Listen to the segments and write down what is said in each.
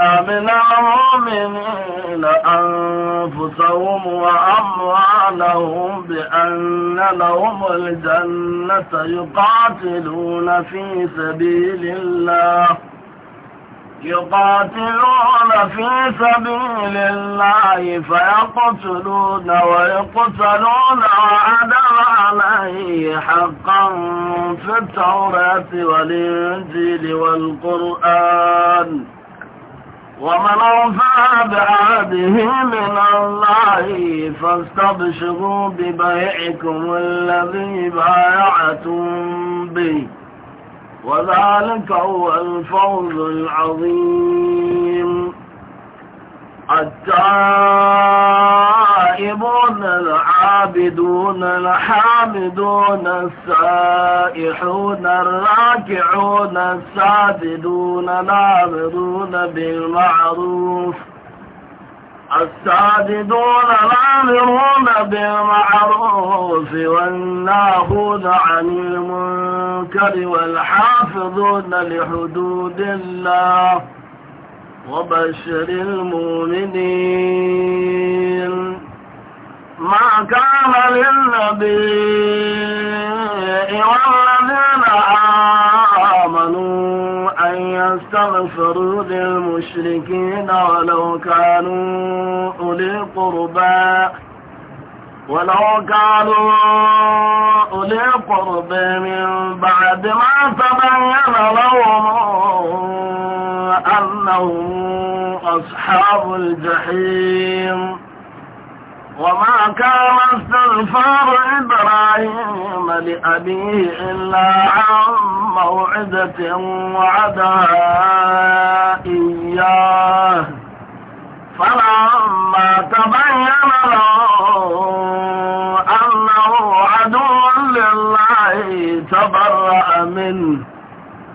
من المؤمنين أنفسهم وأموالهم بأن لهم الجنة يقاتلون في سبيل الله يقاتلون في سبيل الله فيقتلون ويقتلون وعدا عليه حقا في التوراة والإنجيل والقرآن ومن أوفى بعهده من الله فاستبشروا ببيعكم الذي بايعتم به وذلك هو الفوز العظيم التائبون العابدون الحامدون السائحون الراكعون الساجدون العابدون بالمعروف الساجدون العامرون بالمعروف والناهون عن المنكر والحافظون لحدود الله وبشر المؤمنين ما كان للنبي والذين آمنوا أن يستغفروا للمشركين ولو كانوا أولي قربا ولو كانوا أولي قرب من بعد ما تبين لهم أنهم أصحاب الجحيم وما كان استغفار إبراهيم لأبيه إلا عن موعدة وعدها إياه فلما تبين له أنه عدو لله تبرأ منه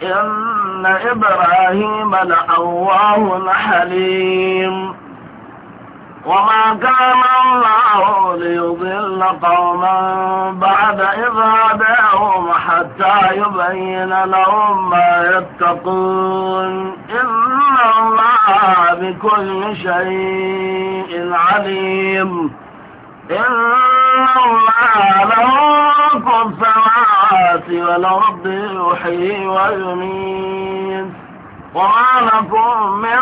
إن إن إبراهيم لأواه حليم وما كان الله ليضل قوما بعد إذ هداهم حتى يبين لهم ما يتقون إن الله بكل شيء عليم إن الله له ملك السماوات والأرض يحيي ويميت وما لكم من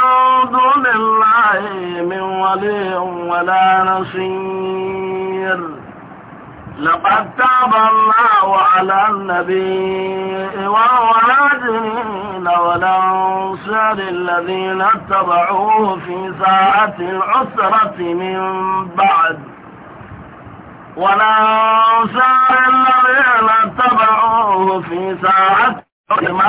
دون الله من ولي ولا نصير لقد تاب الله على النبي والمهاجرين والأنصار الذين اتبعوه في ساعة العسرة من بعد ولأنصار الذين اتبعوه في ساعة ما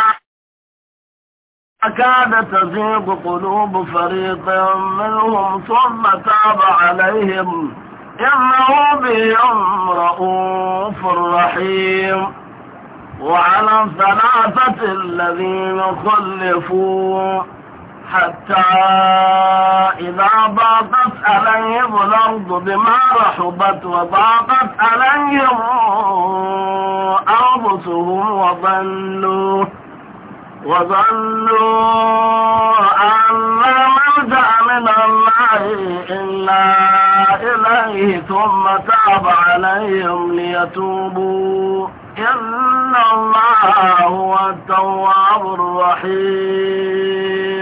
أكاد تزيد قلوب فريق منهم ثم تاب عليهم إنه بهم رؤوف رحيم وعلى الثلاثة الذين خلفوا حتى إذا باطل عليهم الأرض بما رحبت وضاقت عليهم أرضهم وظلوا وظلوا أن لا ملجأ من الله إلا إليه ثم تاب عليهم ليتوبوا إن الله هو التواب الرحيم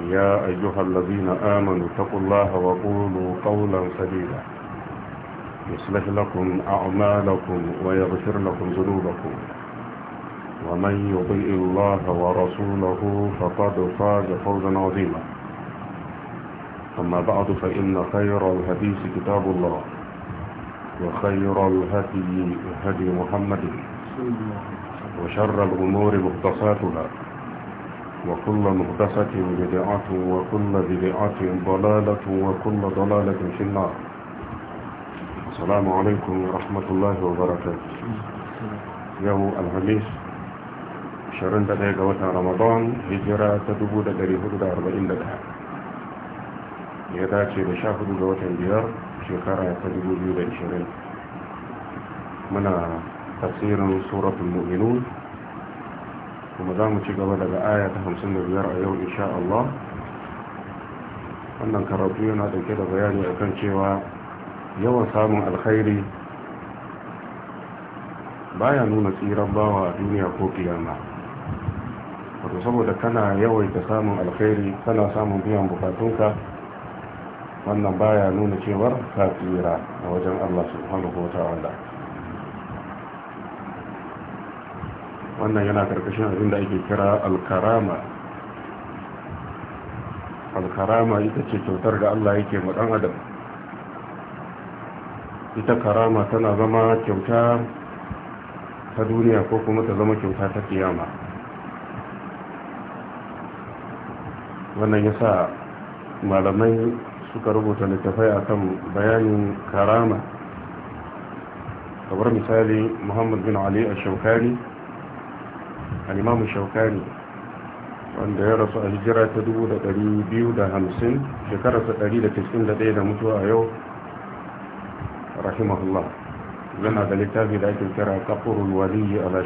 يا أيها الذين آمنوا اتقوا الله وقولوا قولا سديدا يصلح لكم أعمالكم ويغفر لكم ذنوبكم ومن يطيء الله ورسوله فقد فاز فوزا عظيما أما بعد فإن خير الحديث كتاب الله وخير الهدي هدي محمد وشر الأمور مختصاتها وكل مقدسة بدعة وكل بدعة ضلالة وكل ضلالة في النار السلام عليكم ورحمة الله وبركاته يوم الخميس شرن دقيقة وطن رمضان هجرة تدبو دقري حدود أربعين دقيقة يداتي بشاهد وطن ديار شكرا تدبو دقيقة شرين من تفسير سورة المؤمنون kuma za mu ci gaba daga aya ta 55 a yau insha Allah wannan karatu yana dauke da bayani akan cewa yawan samun alkhairi baya nuna tsiran bawa a duniya ko kiyama wato saboda kana yawaita samun alkhairi kana samun biyan bukatunka wannan baya nuna cewar ka tsira a wajen Allah subhanahu wa ta'ala wannan yana karkashin abin da ake kira alkarama alkarama ita ce kyautar da Allah yake ma dan adam ita karama tana zama kyauta ta duniya ko kuma ta zama kyauta ta kiyama wannan ya sa malamai suka rubuta littafai akan bayanin karama kamar misali muhammad bin ali a shaukari al'imamu shaukani wanda ya rasu a hijira ta 250 shekararsa 191 da mutuwa a yau rahimahullah yana da littafi da ake kira kafurul waliyi ala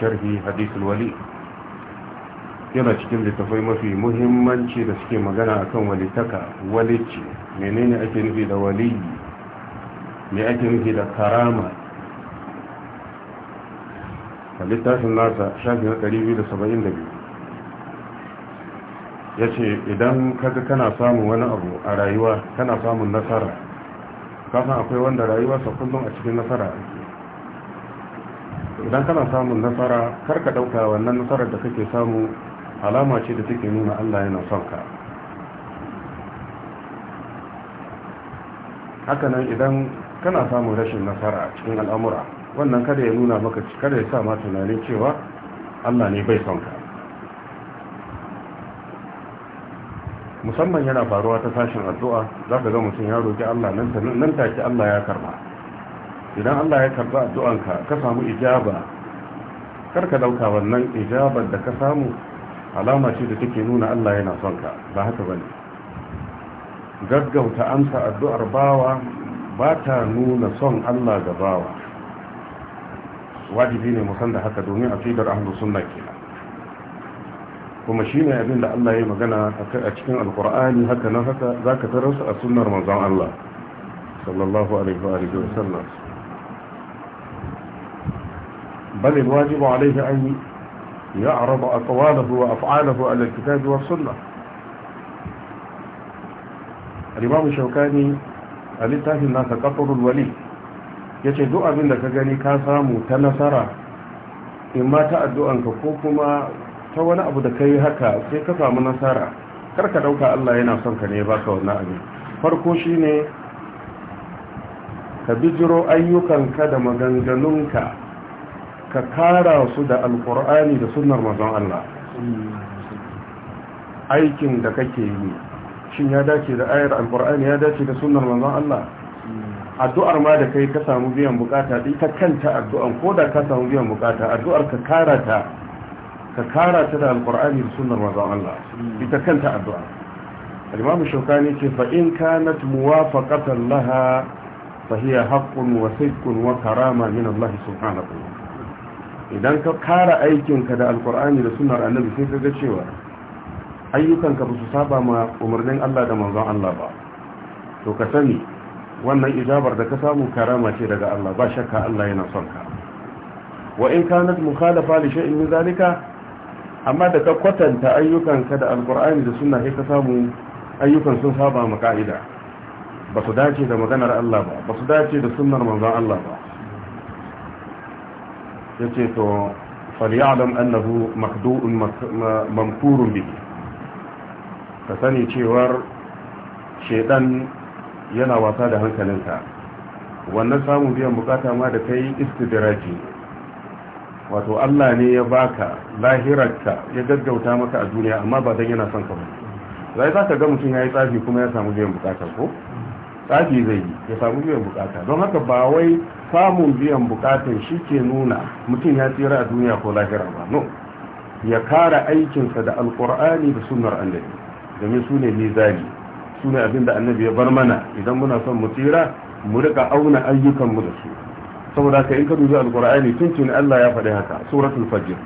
sharhi hadisul wali yana cikin littafai mafi muhimmanci da suke magana akan walitaka walici menene ake nufi da waliyi me ake nufi da karama littafin nasa shafi na 272 ya ce idan kaga kana samun wani abu a rayuwa kana samun nasara kasan akwai wanda rayuwarsa kullum a cikin nasara idan kana samun nasara karka ɗauka wannan nasarar da kake samu alama ce da take nuna allah yana son ka hakanan idan kana samun rashin nasara a cikin al'amura wannan kada ya nuna maka kada ya sa ma tunanin cewa Allah ne bai son ka musamman yana faruwa ta sashin addu'a za ka ga mutum ya roƙi Allah nan take Allah ya karba idan Allah ya karba addu'anka ka samu ijaba Kar ka dauka wannan ijabar da ka samu alama ce da take nuna Allah yana son ka ba haka bane gaggauta amsa addu'ar bawa ba ta nuna son Allah ga bawa wajibi ne musan da haka domin aqidar ahlus suna ke. kuma shine abin da Allah ya magana a cikin alqur'ani haka nan haka za ka tarar su a sunnar manzon Allah sallallahu alaihi wa alihi wa sallam بل الواجب عليه أن يعرض أقواله وأفعاله على الكتاب والسنة الإمام الشوكاني a littafin nasa kafarul wali ya ce duk abin da ka gani ka samu ta nasara in ma ta addu'anka ko kuma ta wani abu da ka yi haka sai ka samu nasara kar ka ɗauka Allah yana son ka ne ba ka wani abin farko shi ne ka bijiro ayyukanka da maganganunka ka kara su da alkur'ani da sunnar mazan Allah aikin da kake yi shin ya dace da ayar alkur'ani ya dace da sunnar manzon Allah addu'ar ma da kai ka samu biyan bukata ita kanta addu'an ko da ka samu biyan bukata addu'ar ka karata ka karata da alkur'ani da sunnar manzon Allah ita kanta addu'a al-imam shaukani ce fa in kanat muwafaqatan laha fa hiya haqqun wa sidqun wa karama min Allah subhanahu idan ka kara aikin ka da alkur'ani da sunnar annabi sai ka ga cewa ayyukanka ba su saba ma umarnin Allah da manzon Allah ba to ka sani wannan ijabar da ka samu karama ce daga Allah ba shakka Allah yana son ka wa in kanat mukhalafa li shay'in min zalika amma da ka kwatanta ayyukanka da alqur'ani da sunna sai ka samu ayyukan sun saba ma ka'ida ba su dace da maganar Allah ba ba su dace da sunnar manzon Allah ba yace to falyalam annahu maqdu'un mamkurun bihi ka sani cewar shedan yana wasa da hankalinka wannan samun biyan bukata ma da yi istidiraji wato Allah ne ya baka lahirarka ya gaggauta maka a duniya amma ba don yana son ka ba zai za ka ga mutum ya yi tsafi kuma ya samu biyan bukata ko tsafi zai yi ya samu biyan bukata don haka ba wai samun biyan bukatar shi ke nuna mutum ya tsira a duniya ko lahira ba no ya kara aikinsa da alkur'ani da sunar annabi domin su ne mizani su ne abinda annabi ya bar mana idan muna son mu tsira mu rika auna ayyukanmu da su saboda haka in ka dubi alqur'ani tuntuni Allah ya faɗi haka suratul fajr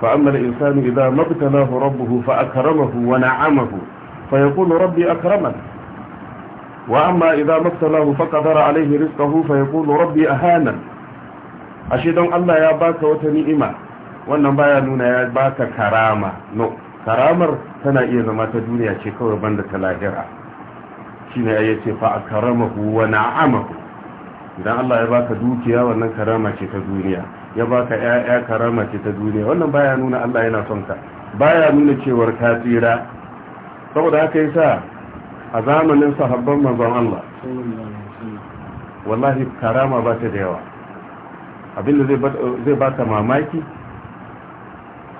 fa amma al-insanu idza mabtalahu rabbuhu fa akramahu wa na'amahu fa yaqulu rabbi akraman wa amma idza mabtalahu fa qadara alayhi rizqahu fa yaqulu rabbi ahana ashe don Allah ya baka wata ni'ima wannan baya nuna ya baka karama no karamar tana iya zama ta duniya ce kawai banda ta lahira ne ya ce fa a akramahu wa na'amahu idan Allah ya baka dukiya wannan karama ce ta duniya ya baka ƴaƴa karama ce ta duniya wannan baya nuna Allah yana son ka baya nuna cewar ka tsira saboda haka sa a zamanin sahabban manzon Allah wallahi karama ba ta da yawa abinda zai baka mamaki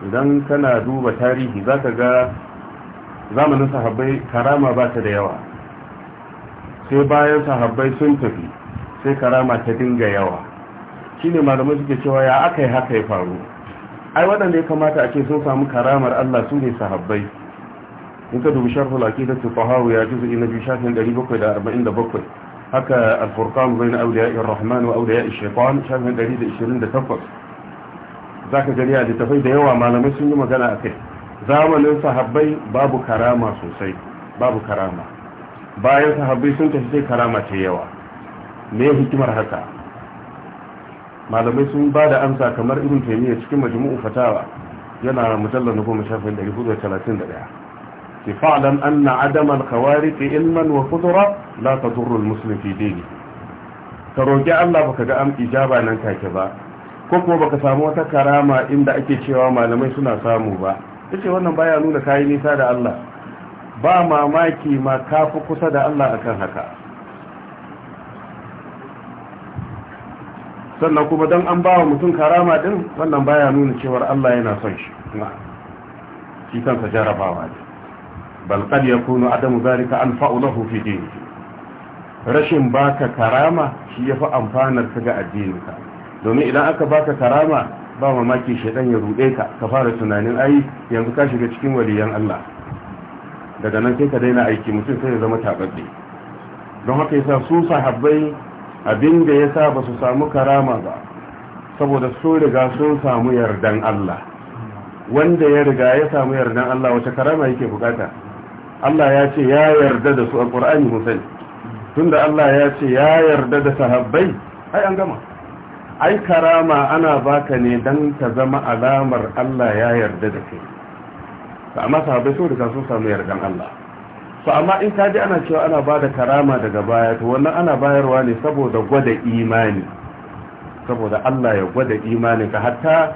idan kana duba tarihi za ka ga zamanin sahabbai karama ba ta da yawa sai bayan sahabbai sun tafi sai karama ta dinga yawa shi ne malamai suke cewa ya aka yi haka ya faru ai waɗanda ya kamata a ce sun samu karamar allah su ne sahabbai in ka dubi sharhul ya ji zuɗi na biyu shafin 747 haka alfurkan zai na awliya ar-rahman wa awliya ash-shaytan shafin 128 za ka gani a littafai da yawa malamai sun yi magana a kai zamanin sahabbai babu karama sosai babu karama bayan sahabbai sun tafi sai karama ce yawa me hikimar haka malamai sun ba da amsa kamar irin taimiyya cikin majmu'u fatawa yana mujallar na goma shafin ɗari hudu talatin da ɗaya ke an kawari ke ilman wa kudura la ta turul musulun fi dini ka roƙi allah baka ga am ijaba nan take ba ko kuma baka samu wata karama inda ake cewa malamai suna samu ba yace wannan baya nuna kai nisa da Allah ba mamaki ma kafi kusa da Allah akan haka sannan kuma don an ba wa mutum karama din wannan baya nuna cewar Allah yana son shi shi sa jarabawa ne bal qad yakunu adamu zalika anfa'u lahu fi dinihi rashin baka karama shi yafi amfanar ka ga ka domin idan aka baka karama ba mamaki shaidan ya rude ka ka fara tunanin ai yanzu ka shiga cikin waliyan Allah daga nan sai ka daina aiki mutum sai ya zama tababbe don haka yasa su sahabbai abin da yasa ba su samu karama ba saboda su riga sun samu yardan Allah wanda ya riga ya samu yardan Allah wace karama yake bukata Allah ya ce ya yarda da su a Qur'ani musali tunda Allah ya ce ya yarda da sahabbai ai an gama ai karama ana baka ne dan ta zama alamar Allah ya yarda da kai to amma sahabbai sun da sun samu yardan Allah to amma in ka ji ana cewa ana bada karama daga baya to wannan ana bayarwa ne saboda gwada imani saboda Allah ya gwada imani ka hatta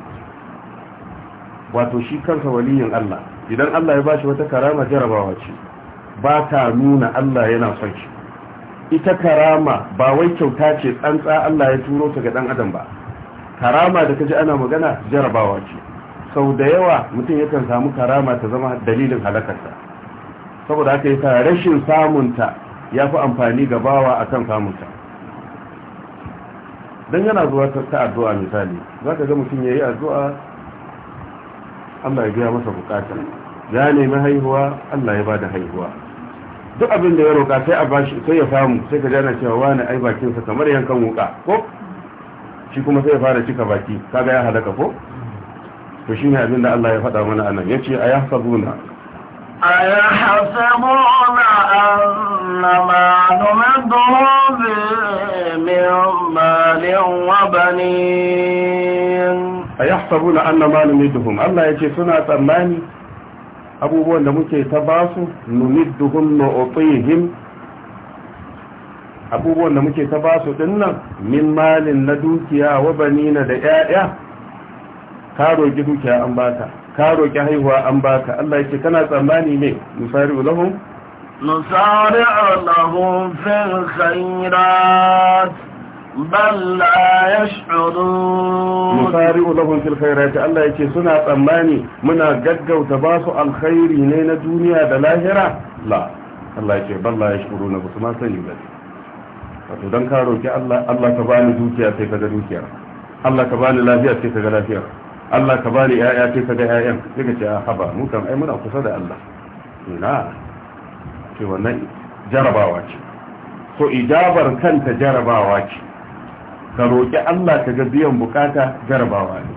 wato shi kansa waliyin Allah idan Allah ya bashi wata karama jarabawa ce ba ta nuna Allah yana son shi ita karama ba wai kyauta ce tsantsa Allah ya turo ta ga dan adam ba karama da kaji ana magana jarabawa ce sau da yawa mutum yakan samu karama ta zama dalilin halakarsa saboda haka yasa rashin samunta ya fi amfani ga bawa akan samunta don yana zuwa ta addu'a misali zaka ga mutum ya yi addu'a Allah ya biya masa bukata ya nemi haihuwa Allah ya bada haihuwa duk abin da ya roka sai a bashi sai ya samu sai ka jana cewa wani ai bakinsa kamar yankan wuka ko shi kuma sai ya fara cika baki kaga ya halaka ko to shine abin da Allah ya faɗa mana anan yace ayahsabuna أيحسبون أنما نمدهم wa مال وبنين أيحسبون annama نمدهم Allah yace suna tsammani. abubuwan da muke ta ba su, basu numidduhum nu'tihim abubuwan da muke ta ba basu dinnan min malin na dukiya wa banina da 'ya'ya. ka roki dukiya an baka ka roki haihuwa an baka Allah yake kana tsammani me musari'u lahum nusari'u lahum fil khairat bal la yash'urun musari'u lahum fil khairati Allah yake suna tsammani muna gaggauta ba su alkhairi ne na duniya da lahira la Allah yake bal la yash'urun su ma sani ba wato don ka roki Allah Allah ka bani dukiya sai ka ga dukiya Allah ka bani lafiya sai ka ga lafiya Allah ka bani ƴaƴa sai ka ga ƴaƴan sai ka ce a haba mu kan ai muna kusa da Allah ina ce wannan jarabawa ce so ijabar kanta jarabawa ce ka roƙi Allah ka ga biyan bukata jarabawa ne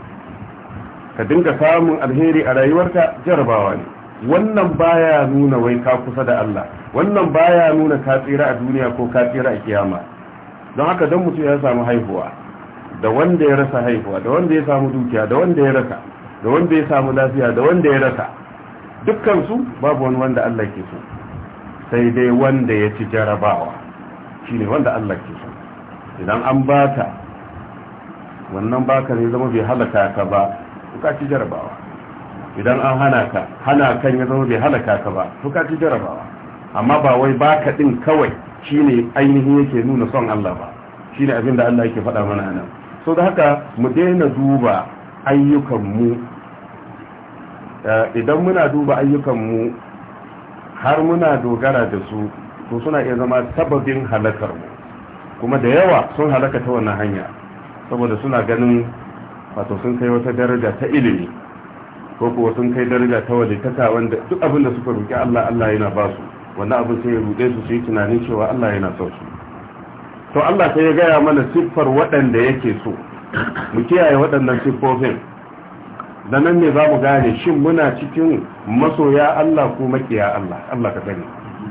ka dinga samun alheri a rayuwarka jarabawa ne wannan baya nuna wai ka kusa da Allah wannan baya nuna ka tsira a duniya ko ka tsira a kiyama don haka don mutum ya samu haihuwa da wanda ya rasa haihuwa da wanda ya samu dukiya da wanda ya rasa da wanda ya samu lafiya da wanda ya rasa dukkan su babu wani wanda Allah ke so sai dai wanda ya ci jarabawa shine wanda Allah ke so idan an ba ta wannan baka ne zama bai halaka ka ba bukaci jarabawa idan an hana ka hana kan ya zama bai halaka ka ba bukaci jarabawa amma ba wai baka din kawai shine ainihin yake nuna son Allah ba shine abin da Allah yake faɗa mana anan so da haka mu daina duba ayyukanmu eh, idan muna duba ayyukan mu har muna dogara da su to suna iya zama sababin halakarmu kuma da yawa sun halaka ta wannan hanya saboda suna ganin wato sun kai wata daraja ta ilimi ko kuwa sun kai daraja ta ta wanda duk abin da suka ruki Allah Allah yana ba su wannan abin sai ya ruɗe su su yi tunanin cewa Allah yana son su to Allah sai ya gaya mana siffar waɗanda yake so mu kiyaye waɗannan siffofin da nan ne za mu gane shin muna cikin masoya Allah ko makiya Allah Allah ka sani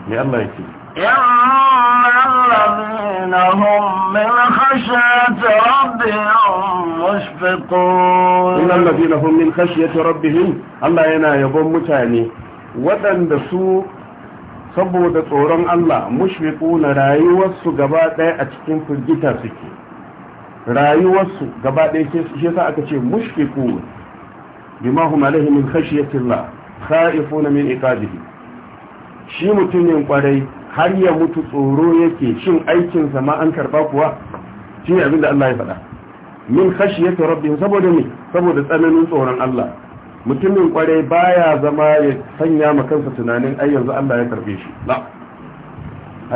me Allah yake إن الذين هم من خشية ربهم مشفقون إن الذين هم من خشية ربهم الله ينا يبون متاني ودن دسو saboda tsoron Allah mushfiqu na rayuwarsu gaba ɗaya a cikin firgita suke rayuwarsu gaba ɗaya shi yasa aka ce mushfiqu bima hum alaihi min khashyatillah khaifuna min iqabihi shi mutumin kwarai har ya mutu tsoro yake shin aikin sa ma an karba kuwa shi ne da Allah ya faɗa min khashiyati rabbih saboda ne saboda tsananin tsoron Allah mutumin kwarai baya zama ya sanya ma kansa tunanin ai yanzu Allah ya karbe shi la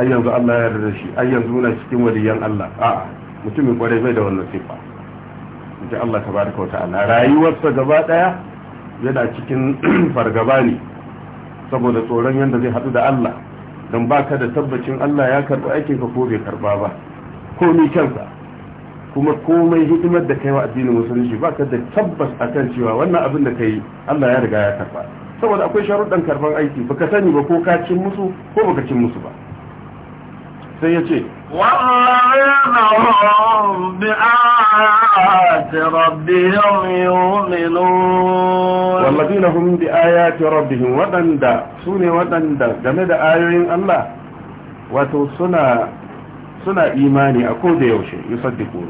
ai yanzu Allah ya yarda shi ai yanzu muna cikin waliyan Allah a'a mutumin kwarai bai da wannan sifa inda Allah tabaraka wa ta'ala rayuwarsa gaba daya yana cikin fargaba ne saboda tsoron yanda zai hadu da Allah don baka da tabbacin Allah ya karba aikin ka ko bai karɓa ba ko ni kansa kuma komai hidimar da kai wa addinin musulunci baka da tabbas a kan cewa wannan abin da kai Allah ya riga ya karɓa saboda akwai sharuɗan karɓan aiki baka sani ba ko ka cin musu ko baka cin musu ba sai ya ce والذين هم بآيات ربهم يؤمنون والذين هم بآيات ربهم ودندا سوني ودندا game da ayoyin Allah wato suna suna imani a koda yaushe yusaddiqun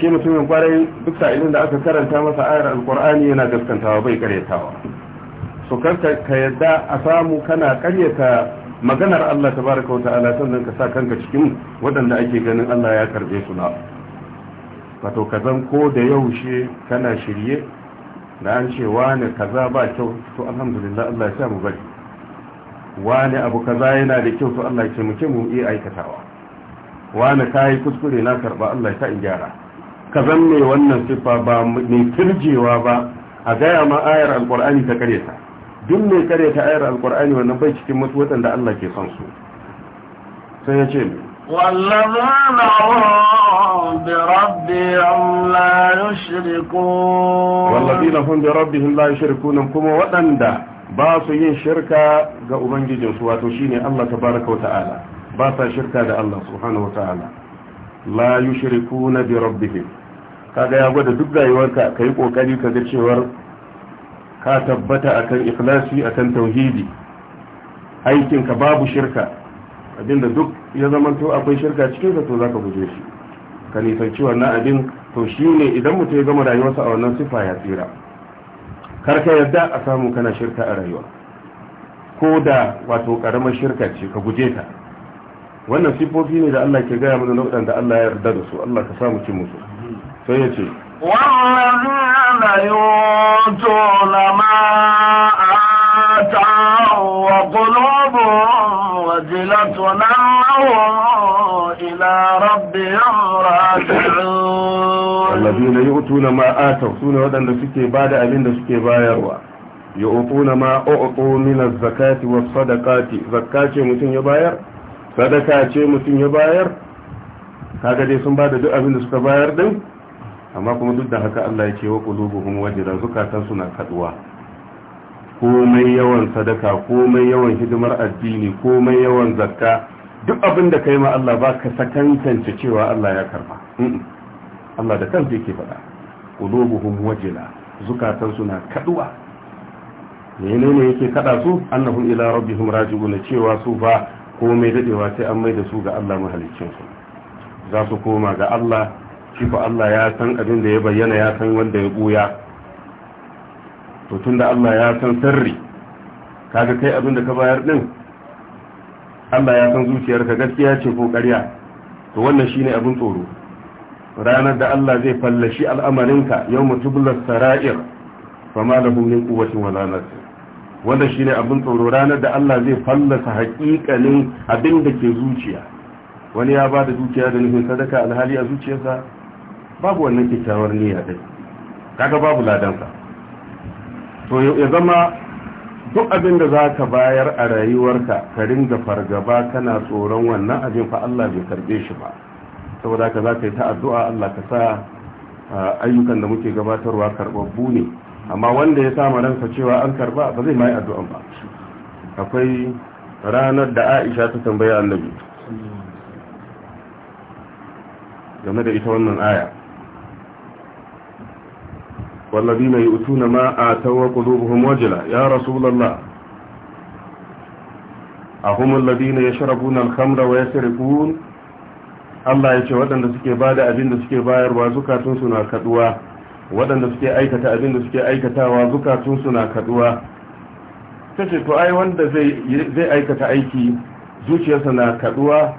shi mutumin kwarai duk sa'ilin da aka karanta masa ayar alqur'ani yana gaskantawa bai karyatawa Su karta ka yadda a samu kana karyata maganar Allah ta tabaraka wa ta'ala sannan ka sa kanka cikin waɗanda ake ganin Allah ya karbe su na wato ka zan ko da yaushe kana shirye da an ce Wani kaza ba kyau to alhamdulillah Allah ya sa mu bari Wani abu kaza yana da kyau to Allah ya ce mu ke mu iya aikatawa wane kai kuskure na karba Allah ya sa in gyara ka zan mai wannan siffa ba mai kirjewa ba a gaya ma ayar alkur'ani ta kare ta duk mai kare ta ayar alkur'ani wannan bai cikin mutu waɗanda Allah ke son su sai ya ce wallazina hum bi rabbihim la yushrikun wallazina hum bi rabbihim la yushrikun kuma waɗanda ba su yin shirka ga ubangijinsu wato shine Allah tabaaraka ta'ala ba sa shirka da Allah subhanahu ta'ala la yushrikuna bi rabbihim kaga ya gwada duk rayuwarka kai kokari ga cewar ka tabbata akan ikhlasi akan tauhidi aikinka babu shirka abinda duk ya zamanto akwai shirka cikin ka to zaka guje shi ka nisanci wannan abin to shi ne idan mutum ya gama rayuwarsa a wannan sifa ya tsira kar ka yarda a samu kana shirka a rayuwa ko da wato karamar shirka ce ka guje ta wannan sifofi ne da Allah ke gaya mana nau'in da Allah ya yarda da su Allah ka samu cin musu sai ya ce والذين يؤتون ما آتاهم وقلوبهم وجلة أنهم إلى ربهم راجعون والذين يؤتون ما آتوا سنة ودن سكي بعد أبين سكي بايروا يؤتون ما أعطوا من الزكاة والصدقات زكاة متن يباير صدقة متن يباير kaga dai sun ba da duk abin da suka bayar din amma kuma duk da haka Allah ya ce wa qulubuhum wajira zukatan suna kaduwa komai yawan sadaka komai yawan hidimar addini komai yawan zakka duk abin da kai ma Allah ba ka sakantance cewa Allah ya karba Allah da kansa yake faɗa qulubuhum wajila zukatan suna kaduwa menene yake kada su annahum ila rabbihim raji'un cewa su ba komai dadewa sai an mai da su ga Allah mahaliccin su za su koma ga Allah shi fa Allah ya san abin da ya bayyana ya san wanda ya buya to tunda Allah ya san sirri kaga kai abin da ka bayar din Allah ya san zuciyarka gaskiya ce ko ƙarya to wannan shine abin tsoro ranar da Allah zai fallashi al'amarinka yau mutublar sara'ir fama da hulun kuwacin walanarsa wanda shi ne abin tsoro ranar da Allah zai fallasa haƙiƙanin abin da ke zuciya wani ya ba da zuciya da nufin sadaka alhali a zuciyarsa babu wannan kyakkyawar niyya dai kaga babu ladansa to ya zama duk abin da za ka bayar a rayuwarka ka ringa fargaba kana tsoron wannan abin fa Allah bai karbe shi ba saboda ka za ka yi ta addu'a Allah ka sa ayyukan da muke gabatarwa karbabbu ne amma wanda ya samu ransa cewa an karba ba zai mai addu'an ba akwai ranar da Aisha ta tambaya Annabi game da ita wannan aya والذين يؤتون ما آتوا a وجلة يا رسول الله أهم الذين يشربون الخمر ويسرقون Allah ya ce waɗanda suke ba abin da suke bayarwa zukatunsu na kaduwa waɗanda suke aikata abin da suke aikatawa zukatunsu na kaduwa ta to ai wanda zai aikata aiki zuciyarsa na kaduwa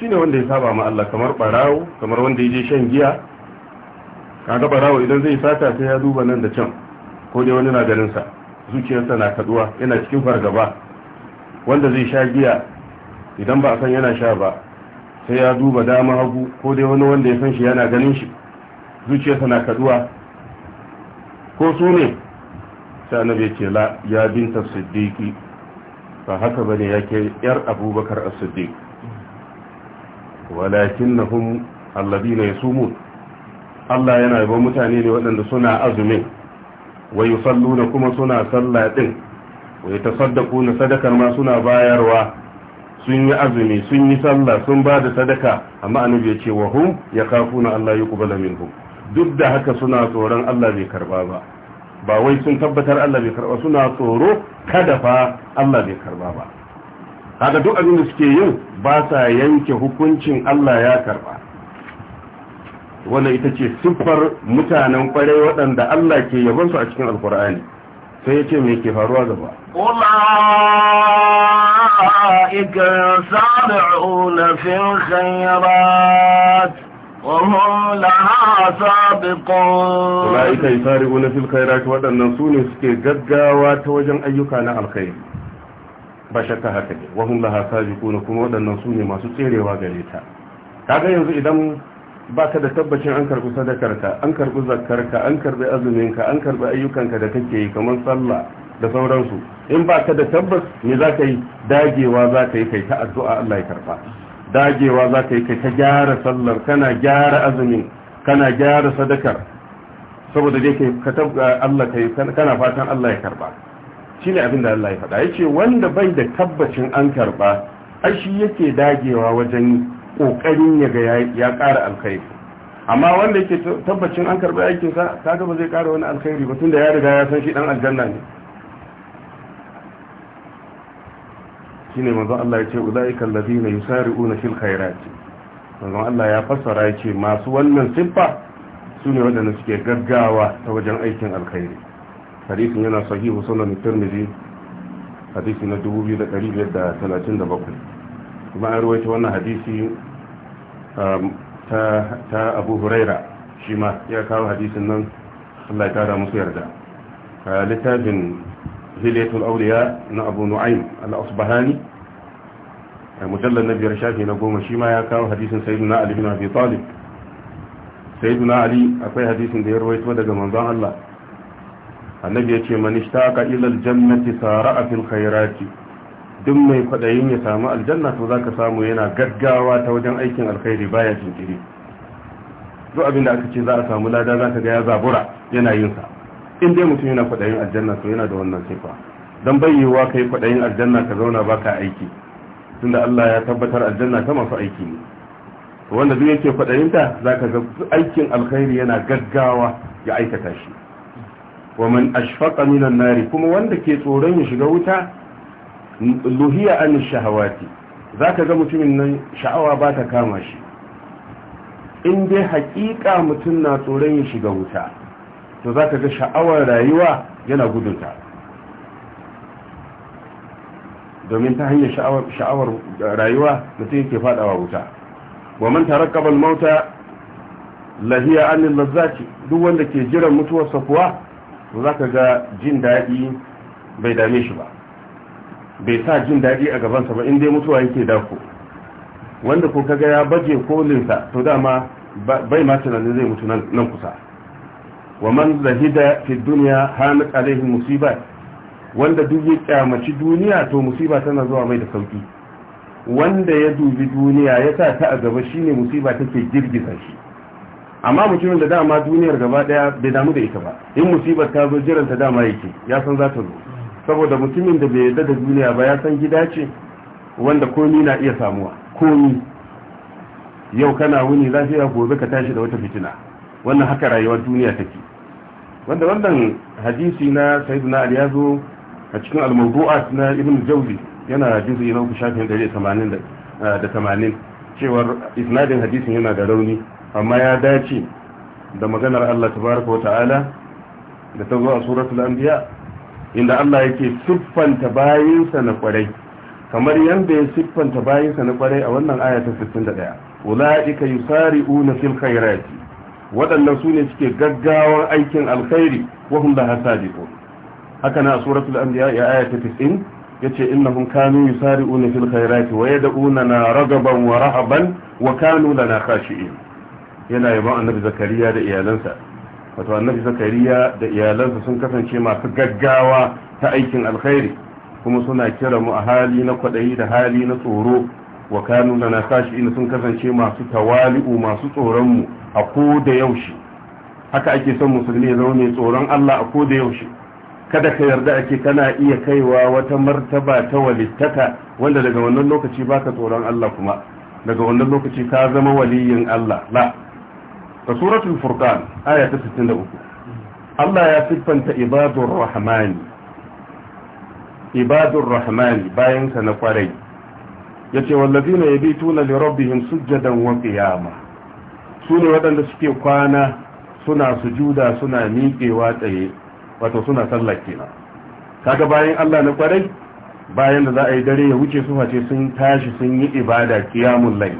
shine wanda ya saba ma Allah kamar barawo kamar wanda ya je shan giya kaga barawo idan zai sata sai ya duba nan da can ko dai wani na ganin sa zuciyarsa na kaduwa yana cikin fargaba wanda zai sha giya idan ba a san yana sha ba sai ya duba dama hagu ko dai wani wanda ya san shi yana ganin shi zuciyarsa na kaduwa ko su ne sai annabi ce la ya binta siddiqi ba haka bane yake yar abubakar as-siddiq walakinnahum alladhina yasumun Allah yana yabon mutane ne waɗanda suna azumin wa na kuma suna sallah din wa na sadakar ma suna bayarwa sun yi azumi sun yi sallah sun ba da sadaka amma annabi ya ce wa hum yakhafuna Allah yuqbala minhum duk da haka suna tsoron Allah bai karba ba ba wai sun tabbatar Allah bai karba suna tsoro kada fa Allah bai karba ba kaga duk abin da suke yin ba sa yanke hukuncin Allah ya karba wannan ita ce siffar mutanen kwarai waɗanda Allah ke yabansu a cikin alkur'ani sai ya ce mai ke faruwa gaba ula'ika sabi'una fil khayrat wa hum laha sabiqun ula'ika yasari'una fil khayrat waɗannan su ne suke gaggawa ta wajen ayyuka na alkhairi ba shakka haka ne wa hum laha sabiquna kuma waɗannan su ne masu tserewa gare ta kaga yanzu idan ba ka da tabbacin an karbi sadakarka an karbi zakarka an karbi azuminka an karbi ayyukanka da kake yi kamar sallah da sauransu in ba ka da tabbas me za ka yi dagewa za ka yi kai ta addu'a Allah ya karba dagewa za ka yi kai ta gyara sallar kana gyara azumin kana gyara sadakar saboda dai kai ka tabga Allah kai kana fatan Allah ya karba shine abin da Allah ya faɗa yace wanda bai da tabbacin an karba ai shi yake dagewa wajen kokarin ya ga ya ƙara alkhairi amma wanda yake tabbacin an karɓi aikin sa kaga ba zai ƙara wani alkhairi ba tunda ya riga ya san shi dan aljanna ne shine manzon Allah ya ce ulaiikal ladina yusari'una fil khairati manzo Allah ya fassara ya ce masu wannan siffa sune wadanda suke gaggawa ta wajen aikin alkhairi hadisin yana sahihu sunan tirmidhi hadisi na 2537 kuma an ruwaita wannan hadisi um, ta abu huraira shi ma ya kawo hadisin nan Allah ya kara musu yarda littafin hilyatul auliya na abu nu'aim al-asbahani mujallar na biyar shafi na goma shi ma ya kawo hadisin sayyiduna ali bin abi talib sayyiduna ali akwai hadisin da ya ruwaito daga manzon Allah annabi ya ce man ishtaqa ila al-jannati sara'a fil khairati duk mai kwaɗayin ya samu aljanna to zaka samu yana gaggawa ta wajen aikin alkhairi baya jinkiri duk abin da aka ce za a samu lada zaka ga ya zabura yana yin sa in dai mutum yana kwaɗayin aljanna to yana da wannan sifa dan bayyewa kai kwaɗayin aljanna ka zauna baka aiki tunda Allah ya tabbatar aljanna ta masu aiki ne wanda duk yake kwaɗayin ta zaka ga aikin alkhairi yana gaggawa ya aikata shi wa man ashfaqa minan nari kuma wanda ke tsoron ya shiga wuta luhiya an shahawati za ka ga mutumin nan sha'awa ba ta kama shi in dai haƙiƙa mutum na tsoron ya shiga wuta to za ka ga sha'awar rayuwa yana gudunta domin ta hanyar sha'awar rayuwa mutum yake faɗawa wuta wa man tarakkaba al-mauta lahiya an lazzati duk wanda ke jiran mutuwarsa kuwa to zaka ga jin daɗi bai dame shi ba bai sa jin daɗi a gabansa ba in dai mutuwa yake dako wanda ko kaga ya baje kolinsa to dama bai ma tunanin zai mutu nan kusa wa man zahida fi dunya hanu alaihi musiba wanda duk ya kyamaci duniya to musiba tana zuwa mai da sauki wanda ya dubi duniya ya sa ta a gaba shine musiba take girgiza shi amma mutumin da dama duniyar gaba daya bai damu da ita ba in musibar ta zo jiranta dama yake ya san za ta zo saboda mutumin da bai yarda da duniya ba ya san gida ce wanda komi na iya samuwa komi yau kana wuni lafiya gobe ka tashi da wata fitina wannan haka rayuwar duniya take wanda wannan hadisi na na ali ya a cikin al-mawdu'at na ibn jawzi yana hadisi na ku shafin 180 eh, cewar isnadin hadisin yana da rauni amma ya dace da maganar Allah tabaraka wa ta'ala da ta zo a suratul anbiya inda Allah yake siffanta bayinsa na kwarai kamar yanda ya siffanta bayinsa na kwarai a wannan aya ta 61 ulaika yusari'una fil khairati waɗannan sune suke gaggawar aikin alkhairi wa hum laha sadiqun haka na suratul anbiya ya aya ta 90 yace innahum kanu yusari'una fil khairati wa yad'una na ragaban wa rahaban wa kanu lana khashi'in yana yaban annabi zakariya da iyalansa wato annabi zakariya da iyalansa sun kasance masu gaggawa ta aikin alkhairi kuma suna kira mu a hali na kwaɗayi da hali na tsoro wa kanu sashi ina sun kasance masu tawali'u masu tsoron mu a ko da yaushe haka ake son musulmi ya zama tsoron Allah a ko da yaushe kada ka yarda ake kana iya kaiwa wata martaba ta walittaka wanda daga wannan lokaci baka tsoron Allah kuma daga wannan lokaci ka zama waliyin Allah la Ka suratul furqan aya ta 63 Allah ya siffanta ibadur rahmani ibadur rahmani bayan sa na kwarai yace wallazina yabituna li rabbihim sujadan wa qiyama sune wadanda suke kwana suna sujuda suna miƙewa tsaye wato suna sallah kenan kaga bayan Allah na kwarai bayan da za a yi dare ya wuce su face sun tashi sun yi ibada qiyamul layl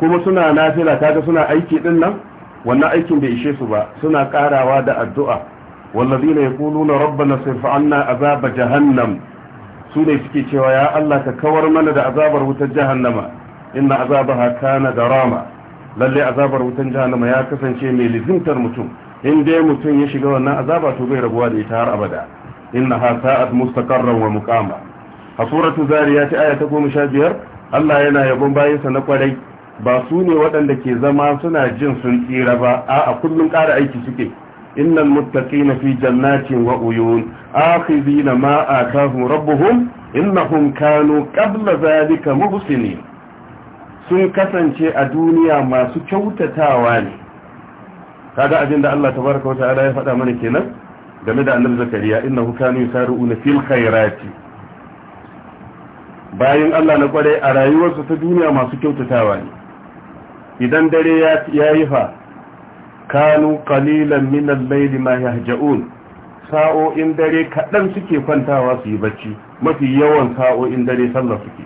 kuma suna nafila kaga suna aiki din nan wannan aikin bai ishe su ba suna karawa da addu'a wallazina yaquluna rabbana sirf anna azaba jahannam su ne suke cewa ya Allah ka kawar mana da azabar wutar jahannama inna azabaha kana darama lalle azabar wutar jahannama ya kasance mai lizintar mutum in dai mutum ya shiga wannan azaba to bai rabuwa da ita har abada inna ha sa'at mustaqarran wa muqama a suratu zariyat aya ta 15 Allah yana yabon bayinsa na kwarai ba su ne waɗanda ke zama suna jin sun tsira ba a kullum ƙara aiki suke innal na fi jannatin wa uyun akhizina ma atahum rabbuhum innahum kanu qabla zalika muhsinin sun kasance a duniya masu kyautatawa ne kaga abinda Allah tabaraka wa ta'ala ya faɗa mana kenan game da annabi zakariya innahu kanu yusari'una fil khairati bayan Allah na ƙwarai a rayuwarsa ta duniya masu kyautatawa ne idan dare ya yi fa kanu kalilan minan al-layli sa'o'in dare kaɗan suke kwantawa su yi bacci mafi yawan sa'o'in dare sallah suke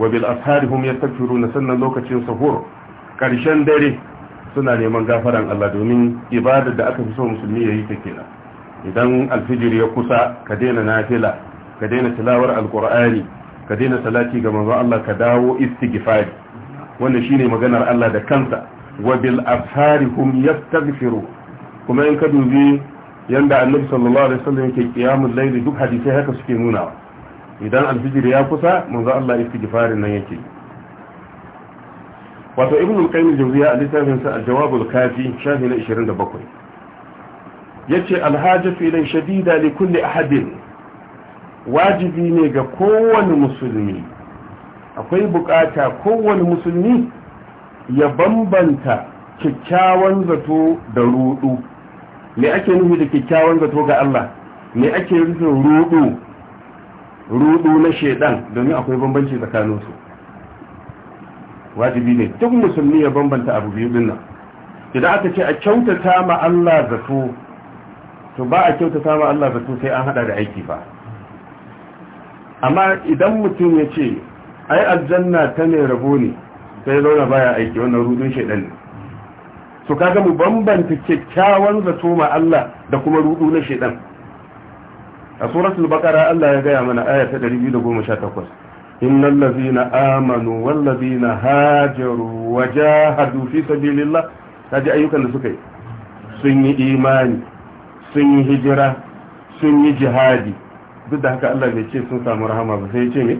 wa bil asharihum na sannan lokacin sahur ƙarshen dare suna neman gafaran Allah domin ibadar da aka fi so musulmi yayi ta kenan idan alfijir ya kusa ka daina nafila ka daina tilawar alkur'ani ka daina salati ga manzon Allah ka dawo istighfari wannan shine maganar Allah da kansa wa bil ashari hum yastaghfiru kuma in ka dubi yanda annabi sallallahu alaihi wasallam yake qiyamul layl duk hadisi haka suke nuna idan alfijir ya kusa manzo Allah istighfarin nan yake wato ibn al-qayyim jawziya a littafin sa al-jawab al-kafi shafi na 27 yace al-hajatu ila shadida li kulli ahadin wajibi ne ga kowane musulmi akwai bukata kowane musulmi ya bambanta kyakkyawan zato da rudu me ake nufi da kyakkyawan zato ga Allah me ake nufi rudu rudu na shedan domin akwai bambanci tsakaninsu wajibi ne duk musulmi ya bambanta abu biyu dinnan idan aka ce a kyautata ma Allah zato to ba a kyautata ma Allah zato sai an hada da aiki ba amma idan mutum ya ce ai aljanna ta ne rabo ne sai zauna baya aiki wannan rudin shaidan to kaga mu bambanta kyakkyawan zato ma Allah da kuma rudu na shaidan a suratul baqara Allah ya gaya mana aya ta 218 innal ladhina amanu wal ladhina hajaru wajahadu fi sabilillah kaji ayyukan da suka yi sun yi imani sun yi hijira sun yi jihadi duk da haka Allah bai ce sun samu rahama ba sai ya ce me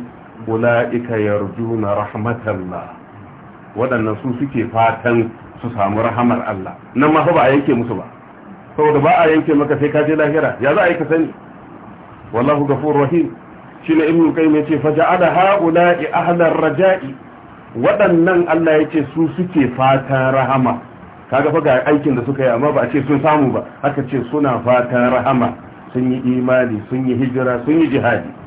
ula'ika yarjuna rahmatallah waɗannan su suke fatan su samu rahamar Allah nan ma ba a yanke musu ba saboda ba a yanke maka sai ka je lahira ya za a yi ka sani wallahu gafur rahim shine ibnu qayyim yace faja'ala ha'ula'i ahlar raja'i waɗannan Allah yace su suke fatan rahama kaga fa ga aikin da suka yi amma ba a ce sun samu ba haka ce suna fatan rahama sun yi imani sun yi hijira sun yi jihadi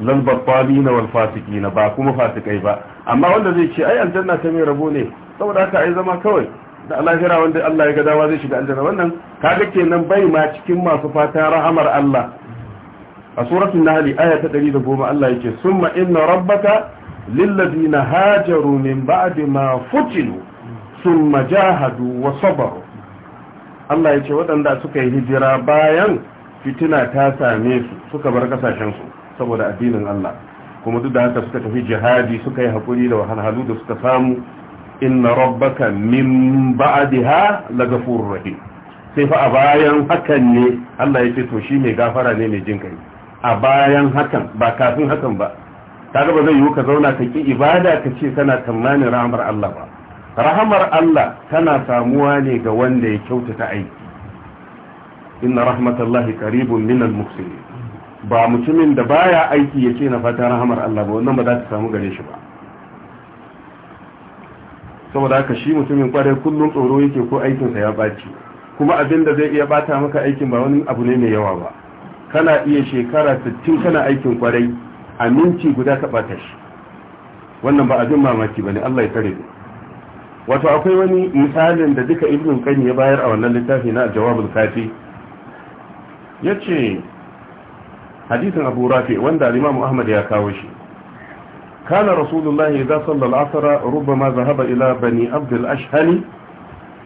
lal battalina fasiki na ba kuma fasikai ba amma wanda zai ce ai aljanna ta mai rabo ne saboda haka ai zama kawai da lahira wanda Allah ya ga dama zai shiga aljanna wannan kaga kenan bai ma cikin masu fata rahamar Allah a suratul nahl aya ta 110 Allah yake summa inna rabbaka lilladina hajaru min ba'di ma futilu summa jahadu wa sabaru Allah yake waɗanda suka yi hijira bayan fitina ta same su suka bar kasashen su saboda addinin Allah kuma duk da haka suka tafi jihadi suka yi hakuri da wahalhalu da suka samu inna rabbaka min ba'daha lagafurur rahim sai fa a bayan hakan ne Allah ya ce to shi mai gafara ne mai jin kai a bayan hakan ba kafin hakan ba kaga ba zai yiwu ka zauna ka ki ibada ka ce kana tamanin rahamar Allah ba rahamar Allah tana samuwa ne ga wanda ya kyautata aiki inna rahmatallahi qaribun minal muhsinin ba mutumin da baya aiki ya ce na fata rahamar Allah ba wannan ba za ta samu gare shi ba saboda haka shi mutumin kwarai kullum tsoro yake ko aikinsa ya baci kuma abin da zai iya bata maka aikin ba wani abu ne mai yawa ba kana iya shekara 60 kana aikin kwarai a minti guda ka bata shi wannan ba abin mamaki bane Allah ya kare wato akwai wani misalin da duka ibnu qayyim ya bayar a wannan littafi na jawabul kafi yace hadisin abu rafi wanda al ahmad ya kawo shi kana rasulullahi idza salla al-asr rubbama zahaba ila bani abd al-ashhali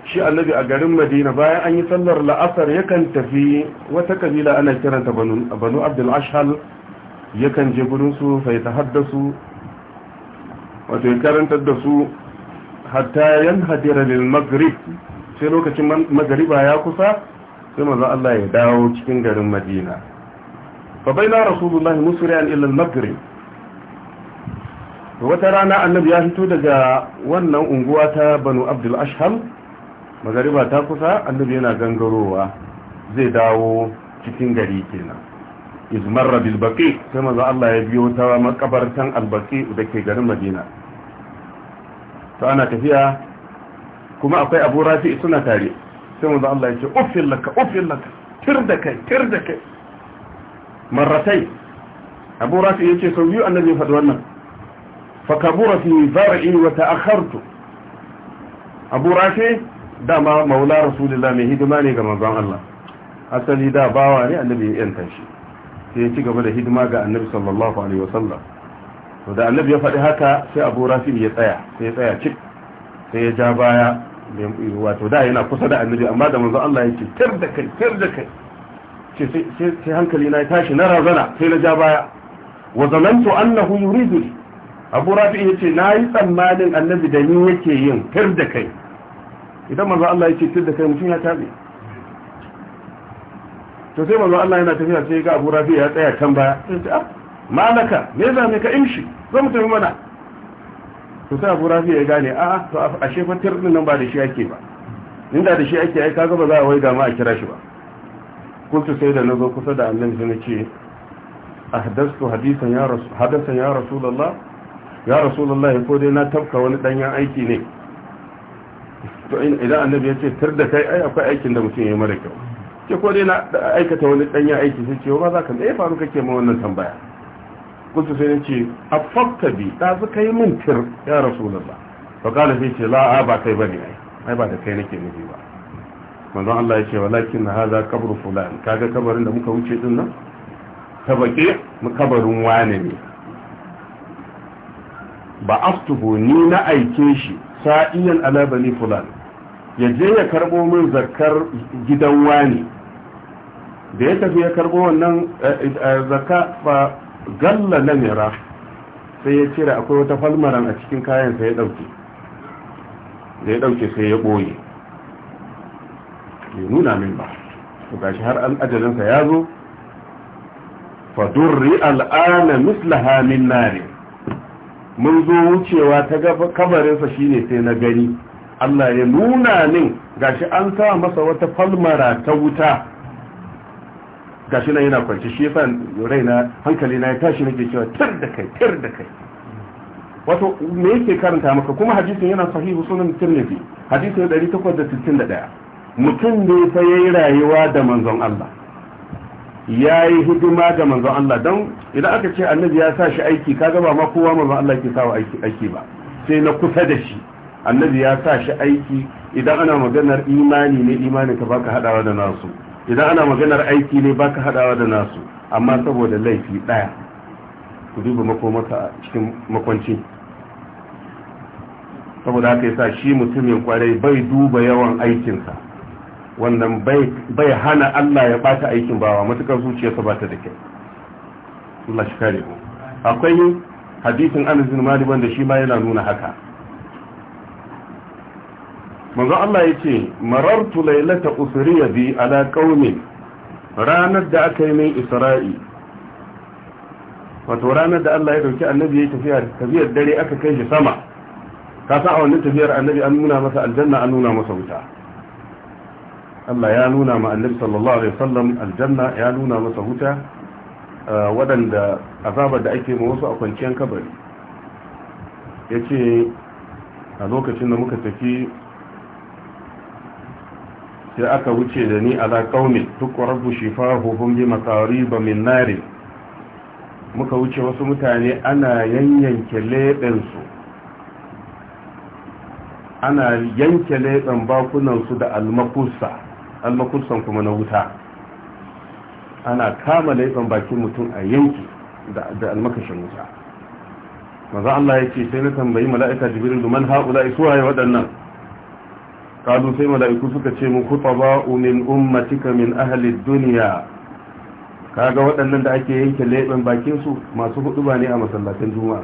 shi annabi a garin madina bayan an yi sallar la'asar yakan tafi wata kabila ana kiranta banu abdul ashal yakan je gurinsu sai ta haddasu wato ya karantar da su hatta yan lil maghrib sai lokacin magariba ya kusa sai maza Allah ya dawo cikin garin madina fa baina rasulullahi musri'an ila al-maghrib wata rana annabi ya fito daga wannan unguwa ta banu abdul ashham magariba ta kusa annabi yana gangarowa zai dawo cikin gari kenan izmar bil baqi sai manzo Allah ya biyo ta makabartan al baqi ke garin Madina to ana tafiya kuma akwai Abu Rafi suna tare sai manzo Allah ya ce uffil laka uffil laka tir da kai tir da kai marratai abu rafi ya ce sau biyu annabi faɗi wannan fakabura fi zar'i wa ta'akhartu abu rafi dama maula rasulullah mai hidima ne ga manzon Allah asali da bawa ne annabi ya yanta shi sai ya ci gaba da hidima ga annabi sallallahu alaihi wasallam to da annabi ya faɗi haka sai abu rafi ya tsaya sai ya tsaya cik sai ya ja baya wato da yana kusa da annabi amma da manzon Allah ya ce tar da kai tar da kai sai hankali na tashi na razana sai na ja baya wa zamantu annahu yuridu abu rafi ya ce na yi tsammanin annabi da ni yake yin fir da kai idan manzo Allah ya ce fir da kai mutum ya tabe to sai manzo Allah yana tafiya sai ga abu rafi ya tsaya can baya sai ce ah malaka me za ka imshi zo mu tafi mana to sai abu rafi ya gane a ah, to ashe fatir din nan ba da shi yake ba inda da shi yake ai kaga ba za a wai ga ma a kira shi ba kuntu sai da nazo kusa da annabi sai ce ahdastu hadisan ya rasul hadasan ya rasulullah ya rasulullah ko dai na tabka wani danyen aiki ne to idan annabi ya ce tar da kai ai akwai aikin da mutum ya yi mara kyau ce ko dai na aikata wani danyen aiki sai ce ba za ka me faru kake ma wannan tambaya kuntu sai nace afakka bi da su kai min tir ya rasulullah fa kana sai ce la a ba kai bane ai ai ba da kai nake nufi ba manzon Allah ya ce walakin hadha kabru fulan kaga kabarin da muka wuce din nan tabake mu kabarin wane ne ba aftuhu ni na aike shi sa'iyan ala bani fulan ya je ya karbo min zakar gidan wani da ya tafi ya karbo wannan eh, eh, eh, zakka fa galla mira sai ya cire akwai wata falmaran a cikin kayan sai ya dauke da ya dauke sai ya boye ke nuna min ba to gashi har an ajalinsa ya zo fadurri al'ana mislaha min nari mun zo wucewa ta gaba kabarinsa shine sai na gani Allah ya nuna min gashi an sa masa wata falmara ta wuta gashi na yana kwanci shi yasa raina hankali na ya tashi nake cewa tar da kai tar da kai wato me yake karanta maka kuma hadisin yana sahihu sunan tirmidhi hadisin 861 mutum ne fa yi rayuwa da manzon Allah ya yi hidima ga manzon Allah don idan aka ce annabi ya sa shi aiki ka gaba ma kowa manzon Allah ke sawa aiki aiki ba sai na kusa da shi annabi ya sa shi aiki idan ana maganar imani ne imani ka baka hadawa da nasu idan ana maganar aiki ne baka hadawa da nasu amma saboda laifi ɗaya ku duba makomata cikin makwanci saboda haka yasa shi mutumin kwarai bai duba yawan aikinsa wannan bai hana Allah ya bata aikin bawa matukar zuciyarsa ba ta da ke. Allah shi kare mu akwai hadisin Anas bin Malik wanda shi ma yana nuna haka manzo Allah yace marartu laylata usriya bi ala qaumi ranar da aka yi min Isra'i wato ranar da Allah ya dauki annabi ya tafiya tafiyar dare aka kai shi sama ka san a wannan tafiyar annabi an nuna masa aljanna an nuna masa wuta Allah ya nuna ma annabi sallallahu alaihi wasallam aljanna ya nuna masa huta uh, waɗanda azabar da ake ma wasu a kwanciyar kabari yace a lokacin da muka tafi sai aka wuce da ni ala qaumi shifahu hum bi masariba min nar muka wuce wasu mutane ana yanyanke leben su ana yanke leben bakunan su da almakusa almakursan kuma na wuta ana kama laifin bakin mutum a yanki da almakashin wuta maza Allah ya ce sai na tambayi mala'ika jibirin duman haƙula isu haye waɗannan ƙadu sai mala'iku suka ce mu kuta ba min ummatika min ahalin duniya kaga waɗannan da ake yanke laifin bakinsu masu hudu ba ne a masallatan juma'a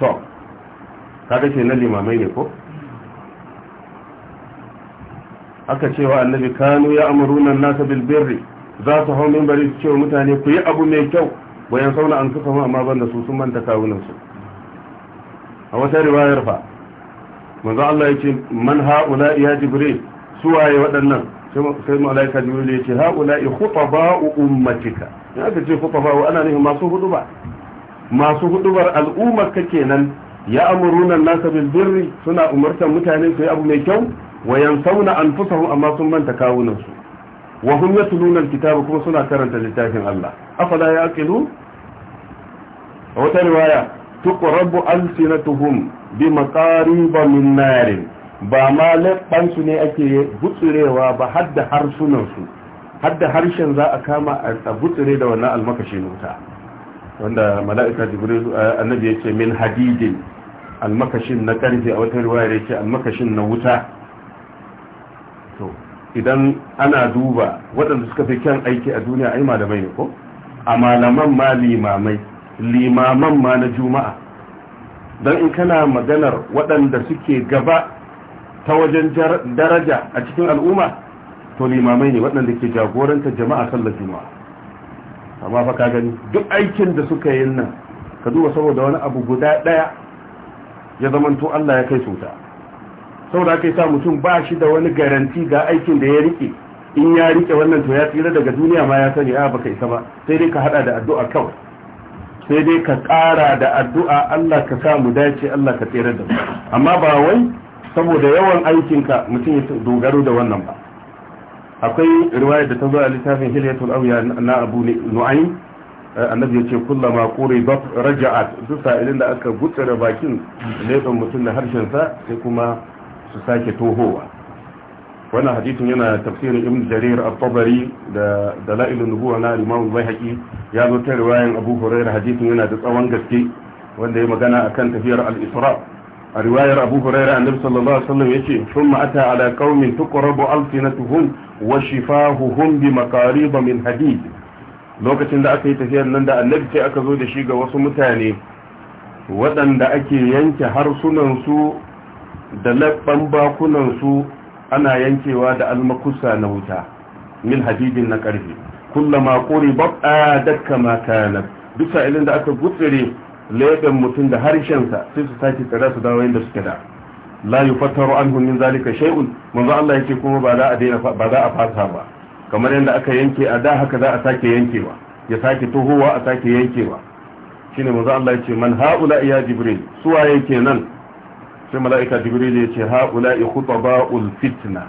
to kaga ce na limamai ne ko aka cewa annabi kanu ya amuruna nasa bil birri za su hau mimbari su cewa mutane ku yi abu mai kyau bayan sauna an suka mu amma banda su sun manta kawunan su a wata riwayar fa manzo Allah yace man haula ya jibril suwaye waɗannan sai malaika jibril yace haula khutaba ummatika in aka ce khutaba ana nufin masu huduba masu hudubar al'ummar ka kenan ya amuruna nasa bil birri suna umartar mutane su yi abu mai kyau wa yansawna anfusahum amma sun manta kawunan su wa hum yatluna alkitaba kuma suna karanta littafin Allah afala yaqilu a wata riwaya tuqrabu alsinatuhum bi maqariba min narin ba ma labban ne ake gutsurewa ba hadda harsunan su hadda harshen za a kama a gutsure da wannan almakashin wuta wanda mala'ika jibril eh, annabi ya ce min hadidin almakashin na karfe a wata riwaya yake almakashin na wuta to idan ana duba waɗanda suka fi kyan aiki a duniya ai malamai ne ko a malaman ma limamai limaman ma na juma'a don in kana maganar waɗanda suke gaba ta wajen daraja a cikin al'umma to limamai ne waɗanda ke jagoranta jama'a sallar juma'a amma fa ka gani duk aikin da suka yi nan ka duba saboda wani abu guda ɗaya ya zamanto Allah ya kai sauta saboda yi sa mutum ba shi da wani garanti ga aikin da ya rike in ya rike wannan to ya tsira daga duniya ma ya sani a ah, baka isa ba sai dai ka hada da addu'a kawai sai dai ka kara da addu'a Allah ka sa mu dace Allah ka tsira da mu amma ba wai saboda yawan aikin ka mutum ya dogaro da wannan ba akwai riwaya da ta zo a littafin hilyatul awya na abu nu'aym annabi ya ce kullama bat raja'at duk sa'ilin da aka gutsara bakin leban mutum da harshen sa sai kuma su sake tohowa wannan hadisin yana tafsirin ibn jarir at-tabari da dalailun nubuwa na imam al-baihaqi ya zo ta riwayan abu hurairah hadisin yana da tsawon gaske wanda ya magana akan tafiyar al-isra a riwayar abu hurairah annabi sallallahu alaihi wasallam yace thumma ata ala qaumin tuqrabu alsinatuhum wa shifahuhum bi maqarib min hadid lokacin da aka yi tafiyar nan da annabi sai aka zo da shi ga wasu mutane waɗanda ake yanke harsunansu da labban bakunansu ana yankewa da almakusa na wuta min hadidin na ƙarfe kullama ƙuri babba dakka makanar duk ilin da aka gutsire leɓen mutum da harshensa sai su sake tsara su dawo yadda suke da la yi fattaro an min zalika shay'un manzo Allah yake kuma ba za a daina ba za a fasa ba kamar yadda aka yanke a da haka za a sake yankewa ya sake tohowa a sake yankewa shine manzo Allah yake man haula ya jibril suwaye kenan sai mala'ika jibril ya ce ha'ula'i khutaba'ul fitna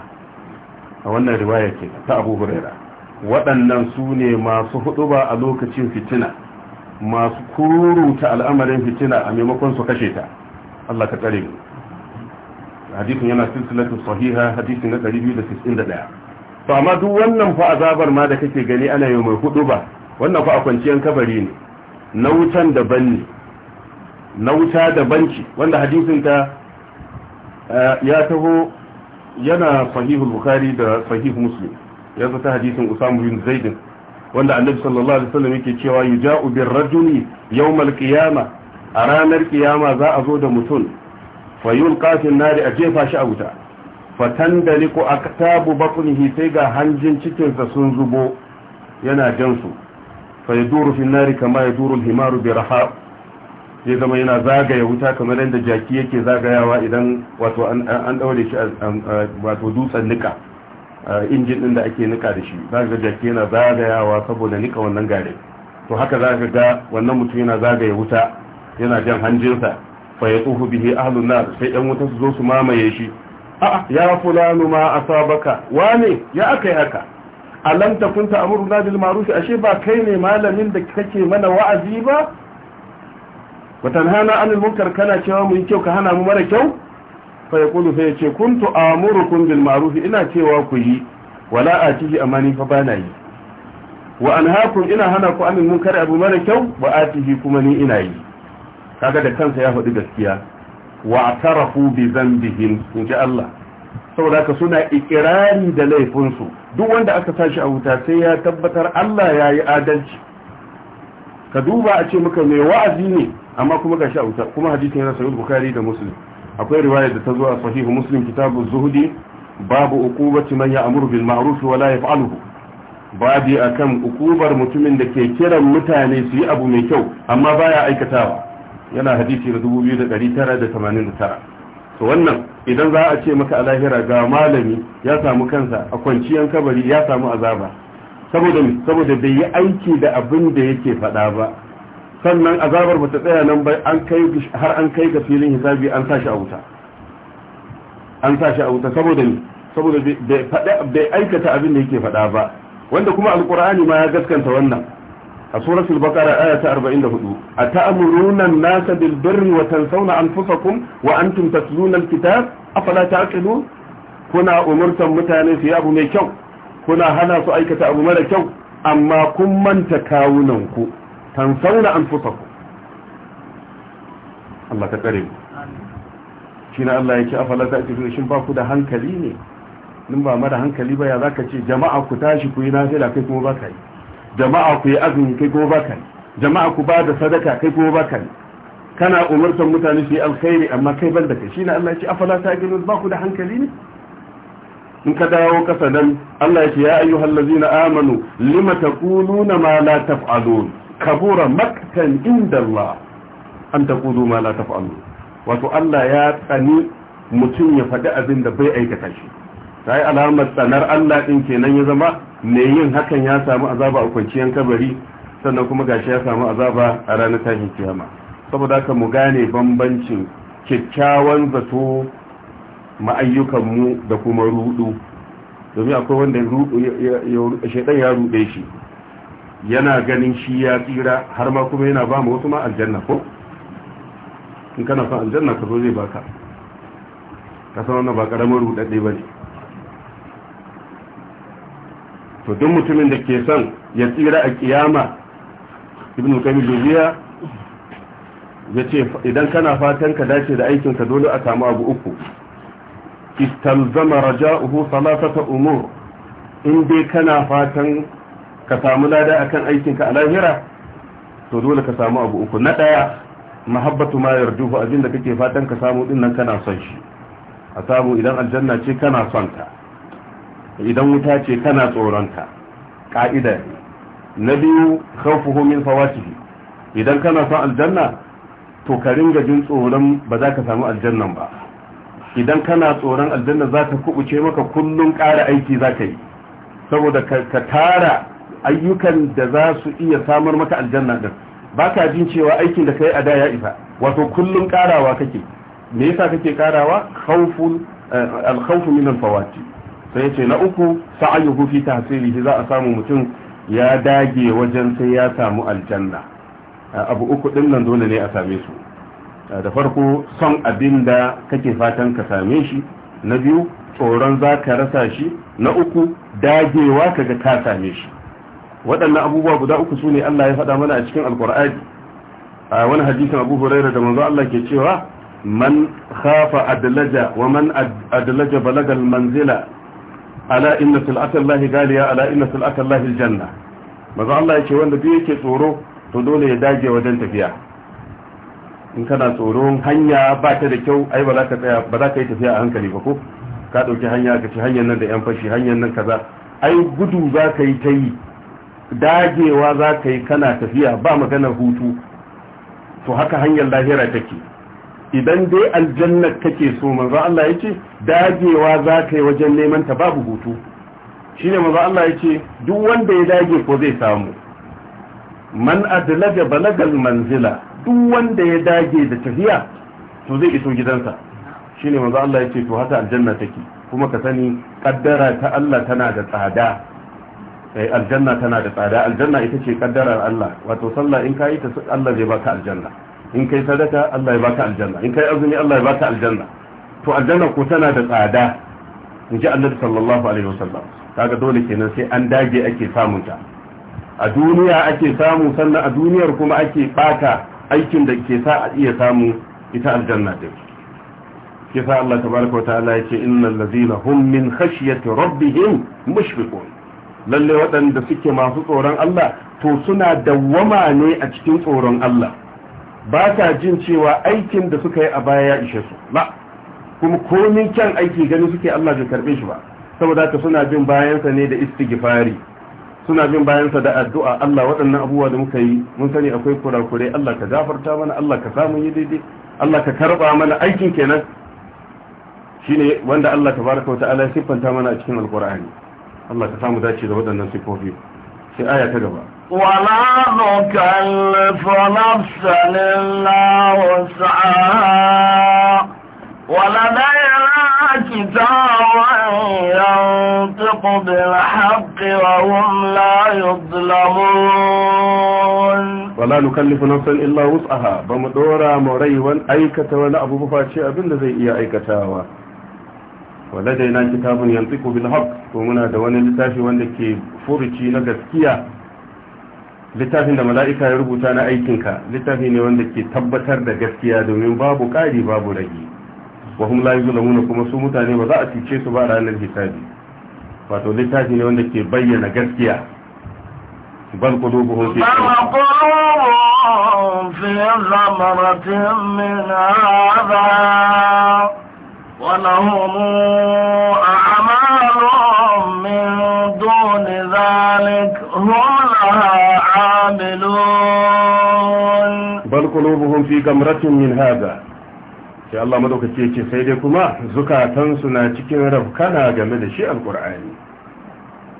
a wannan riwaya ke ta abu huraira waɗannan su ne masu huɗuba a lokacin fitina masu kururuta al'amarin fitina a maimakon su kashe ta Allah ka tsare mu hadisin yana silsilatu sahiha hadisi na 291 to amma duk wannan fa azabar ma da kake gani ana yi mai ba wannan fa a kwanciyar kabari ne na wutan daban ne na wuta daban ce wanda hadisin ta Eh, ya taho yana sahihul bukhari da sahih muslim ya zata hadisin usamu bin zaidin wanda annabi sallallahu alaihi wasallam yake cewa yuja'u bir rajuli yawmal qiyama a ranar kiyama za a zo da mutum fayul qafin nari a jefa shi a wuta fatan daliku aktabu batnihi sai ga hanjin cikinsa sun zubo yana jansu fa yaduru fi nari kama yaduru al-himaru bi rahab zai zama yana zagaya wuta kamar yadda jaki yake zagayawa idan wato an daure shi wato dutsen nika injin din da ake nika da shi ga jaki yana zagayawa saboda nika wannan gare to haka zaka ga wannan mutum yana zagaya wuta yana jan hanjinsa fa yatuhu bihi ahlun nar sai yan wuta su zo su mamaye shi a ya fulanu ma asabaka wane ya akai haka alam takun ta'muruna bil ma'ruf ashe ba kai ne malamin da kake mana wa'azi ba watanhana anil munkar kana cewa mu yi kyau ka hana mu mara kyau fa yaqulu fa yace kuntu amurukum bil ma'ruf ina cewa ku yi wala atihi amani fa bana yi wa anhaakum ina hana ku anil munkar abu mara kyau wa atihi kuma ni ina yi kaga da kansa ya faɗi gaskiya wa atarafu bi dhanbihim inji Allah saboda haka suna ikirari da laifinsu duk wanda aka tashi a wuta sai ya tabbatar Allah ya yi adalci ka duba a ce maka mai wa'azi ne amma kuma ga sha'uta kuma hadisin yana sahih bukhari da muslim akwai riwaya da ta zo a sahihu muslim kitabu zuhudi babu uqubati man ya'muru bil ma'ruf wa la yaf'aluhu babi akan ukubar mutumin da ke kiran mutane su yi abu mai kyau amma baya aikatawa yana hadisi da 2989 to wannan idan za a ce maka a lahira ga malami ya samu kansa a kwanciyar kabari ya samu azaba saboda me saboda bai yi aiki da abin da yake faɗa ba sannan azabar ta tsaya nan ba an kai har an kai ga filin hisabi an sa shi a wuta an sa shi a wuta saboda me saboda bai aikata abin da yake faɗa ba wanda kuma alqur'ani ma ya gaskanta wannan a suratul baqara aya ta 44 ata'muruna an-nasa bil birri wa tansawna anfusakum wa antum tatluna al-kitab afala ta'qilun kuna umurtan mutane su yi abu mai kyau kuna hana su aikata abu mara kyau amma kun manta kawunanku tan sauna an fusa ku Allah ka tsare mu shi na Allah ya ce afala ta ce shi ba ku da hankali ne in ba mara hankali ba ya za ka ce jama'a ku tashi ku yi nafila kai kuma ba yi jama'a ku yi azumi kai kuma ba ka yi jama'a ku ba da sadaka kai kuma ba ka yi kana umartar mutane su yi alkhairi amma kai ban da kai shi na Allah ya ce afala ta ba ku da hankali ne in ka dawo kasa nan Allah ya ce ya ayyuhal ladzina amanu lima taquluna ma la taf'alun kabura maktan inda Allah an taqulu ma la taf'alun wato Allah ya tsani mutum ya faɗi abin da bai aikata shi sai alamar tsanar Allah din kenan ya zama me yin hakan ya samu azaba a kwanciyar kabari sannan kuma gashi ya samu azaba a ranar tashin kiyama saboda haka mu gane bambancin kyakkyawan zato ma'ayyukanmu da kuma rudu domin akwai wanda shaidan ya rude shi yana ganin shi ya tsira har ma kuma yana ba mu wasu ma aljanna ko in kana son aljanna ka zo zai baka ka san wannan ba karamar rudadde ba ne to duk mutumin da ke son ya tsira a kiyama ibn kamil dubiya ya ce idan kana fatan ka dace da aikinka dole a samu abu uku istalzama raja'uhu salatata umur in dai kana fatan ka samu lada akan aikinka a lahira to dole ka samu abu uku na daya mahabbatu ma yarjuhu abinda kake fatan ka samu din nan kana son shi a samu idan aljanna ce kana son ta idan wuta ce kana tsoron ta ka'ida na biyu khawfuhu min fawatihi idan kana son aljanna to ka ringa jin tsoron ba za ka samu aljannan ba idan kana tsoron aljanna za ta kubuce maka kullum ƙara aiki za ka yi saboda ka tara ayyukan da za su iya samar maka aljanna din ba ka jin cewa aikin da ka a da ya isa wato kullum ƙarawa kake me yasa kake ƙarawa khawfun eh, al-khawfu min al-fawati sai yace na uku sa'ayuhu fi tahsilihi za a samu mutum ya dage wajen sai ya samu aljanna eh, abu uku din dole ne a same su da farko son abin da kake fatan ka same shi na biyu tsoron za ka rasa shi na uku dagewa kaga ka same shi waɗannan abubuwa guda uku su ne Allah ya faɗa mana a cikin alkur'ani a wani hadisin abu huraira da manzo Allah ke cewa man khafa adlaja wa man adlaja balagal manzila ala inna sil'atallahi galiya ala inna sil'atallahi aljanna manzo Allah ya ce wanda duk yake tsoro to dole ya dage wajen tafiya in kana tsoron hanya ba ta da kyau ai ba za ka tsaya ba za ka yi tafiya a hankali ba ko ka ɗauki hanya ka ci hanyar nan da yan fashi hanyar nan kaza ai gudu za ka yi ta yi dagewa za ka yi kana tafiya ba maganar hutu to haka hanyar lahira take idan dai aljanna kake so manzo Allah yake dagewa za ka yi wajen neman ta babu hutu shine manzo Allah yake duk wanda ya dage ko zai samu man adlaja balagal manzila duk wanda ya dage da tafiya to zai iso gidansa shine manzo Allah yace to haka aljanna take kuma ka sani kaddara ta Allah tana da tsada eh aljanna tana da tsada aljanna ita ce kaddarar Allah wato sallah in kai ta Allah zai baka aljanna in kai sadaka Allah ya baka aljanna in kai azumi Allah ya baka aljanna to aljanna ko tana da tsada in ji annabi sallallahu alaihi wasallam kaga dole kenan sai an dage ake samun ta a duniya ake samu sannan a duniyar kuma ake bata aikin da ke sa a iya samu ita aljanna din sa Allah tabaraka wa ta'ala yace innal ladzina hum min khashyati rabbihim mushfiqun lalle waɗanda suke masu tsoron Allah to suna dawwama ne a cikin tsoron Allah ba ta jin cewa aikin da suka yi a baya ya ishe su la kuma komin kyan aiki gani suke Allah bai karbe shi ba saboda ka suna bin bayansa ne da istighfari suna bin bayansa da addu'a Allah waɗannan abubuwa da muka yi mun sani akwai kurakurai Allah ka gafarta mana Allah ka samu yi daidai Allah ka karba mana aikin kenan shine wanda Allah tabaraka wa ta'ala siffanta mana a cikin alqur'ani Allah ka samu dace da waɗannan sifofi sai aya ta gaba wala nukallifu nafsan illa wus'aha wala كتابا ينطق بالحق وهم لا يظلمون ولا نكلف نفسا إلا وسعها بمدورة مريوا أيكة ولا أبو بفاتشي أبن زي إيا أيكتاوا ولدينا كتاب ينطق بالحق ومنا دواني لتاشي وانك فرشي نغسكيا littafin da mala'ika ya rubuta na aikinka littafi ne wanda ke tabbatar da gaskiya domin babu ƙari babu rage وهم لا يظلمون كما سو متاني بذا أتيشي سبا رانا الهتاج فاتو الهتاج نيوان دكي بيّن غرسيا بل قلوبهم في بل قلوبهم في زمرة من هذا ولهم أعمال من دون ذلك هم لها عاملون بل قلوبهم في غمرة من هذا sai Allah madaukaki yake sai dai kuma zukatansu na cikin rafkana game da shi alkur'ani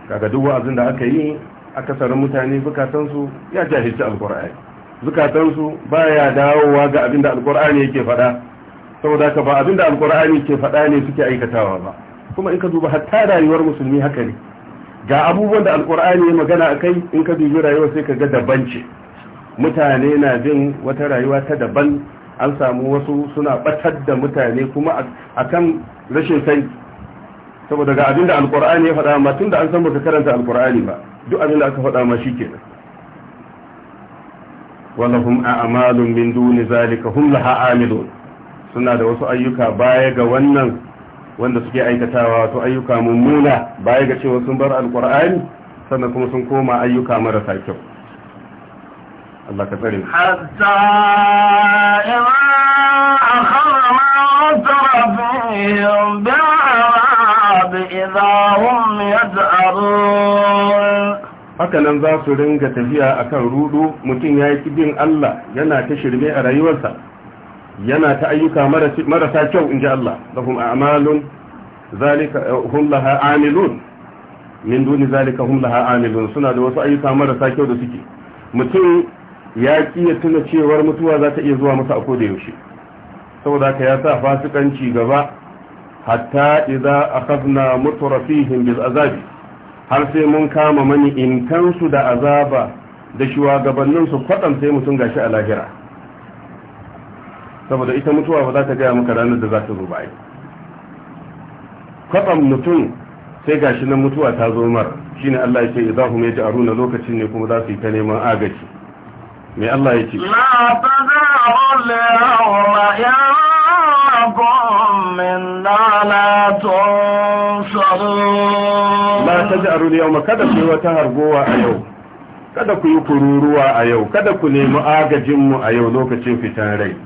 kaga duk wa'azin da aka yi aka akasarin mutane zukatansu ya jahilci alkur'ani zukatansu baya dawowa ga abinda alkur'ani yake faɗa saboda ka ba abinda alkur'ani ke faɗa ne suke aikatawa ba kuma in ka duba hatta rayuwar musulmi haka ne ga abubuwan da alkur'ani ya magana akai in ka dubi rayuwar sai ka ga daban ce mutane na bin wata rayuwa ta daban an samu wasu suna batar da mutane kuma a kan rashin sani saboda ga abinda alkur'ani ya faɗa ma tun da an san baka karanta alkur'ani ba duk abinda aka faɗa ma shi ke shikenan walahum a'malun min duni zalika hum laha amilun suna da wasu ayyuka baya ga wannan wanda suke aikatawa wato ayyuka mummuna baya ga cewa sun bar alkur'ani sannan kuma sun koma ayyuka marasa kyau Allah ka tsare hatta ila akhara ma tarabihim bi'arab idha hum yad'arun haka nan za su ringa tafiya a kan rudu mutum ya yi bin Allah yana ta shirme a rayuwarsa yana ta ayyuka marasa kyau in ji Allah A a'malun zalika eh, hum laha amilun min duni zalika hum laha amilun suna da wasu ayyuka marasa kyau da suke mutum ya ki ya tuna cewar mutuwa za ta iya zuwa masa a da yaushe saboda haka ya sa fasikanci gaba hatta idza akhadna mutrafihim bil azabi har sai mun kama mani intansu da azaba da shugabannin su kwadan sai mutum gashi a lahira saboda ita mutuwa ba za ta gaya maka ranar da za ta zo ba kwadan mutum sai gashi nan mutuwa ta zo mar shine Allah ya ce idza hum yaj'aluna lokacin ne kuma za su yi ta neman agaji mai Allah ya ce la tadarul yawma a min la la kada ku wata hargowa a yau kada ku yi kururuwa a yau kada ku nemi agajinmu a yau lokacin fitan rai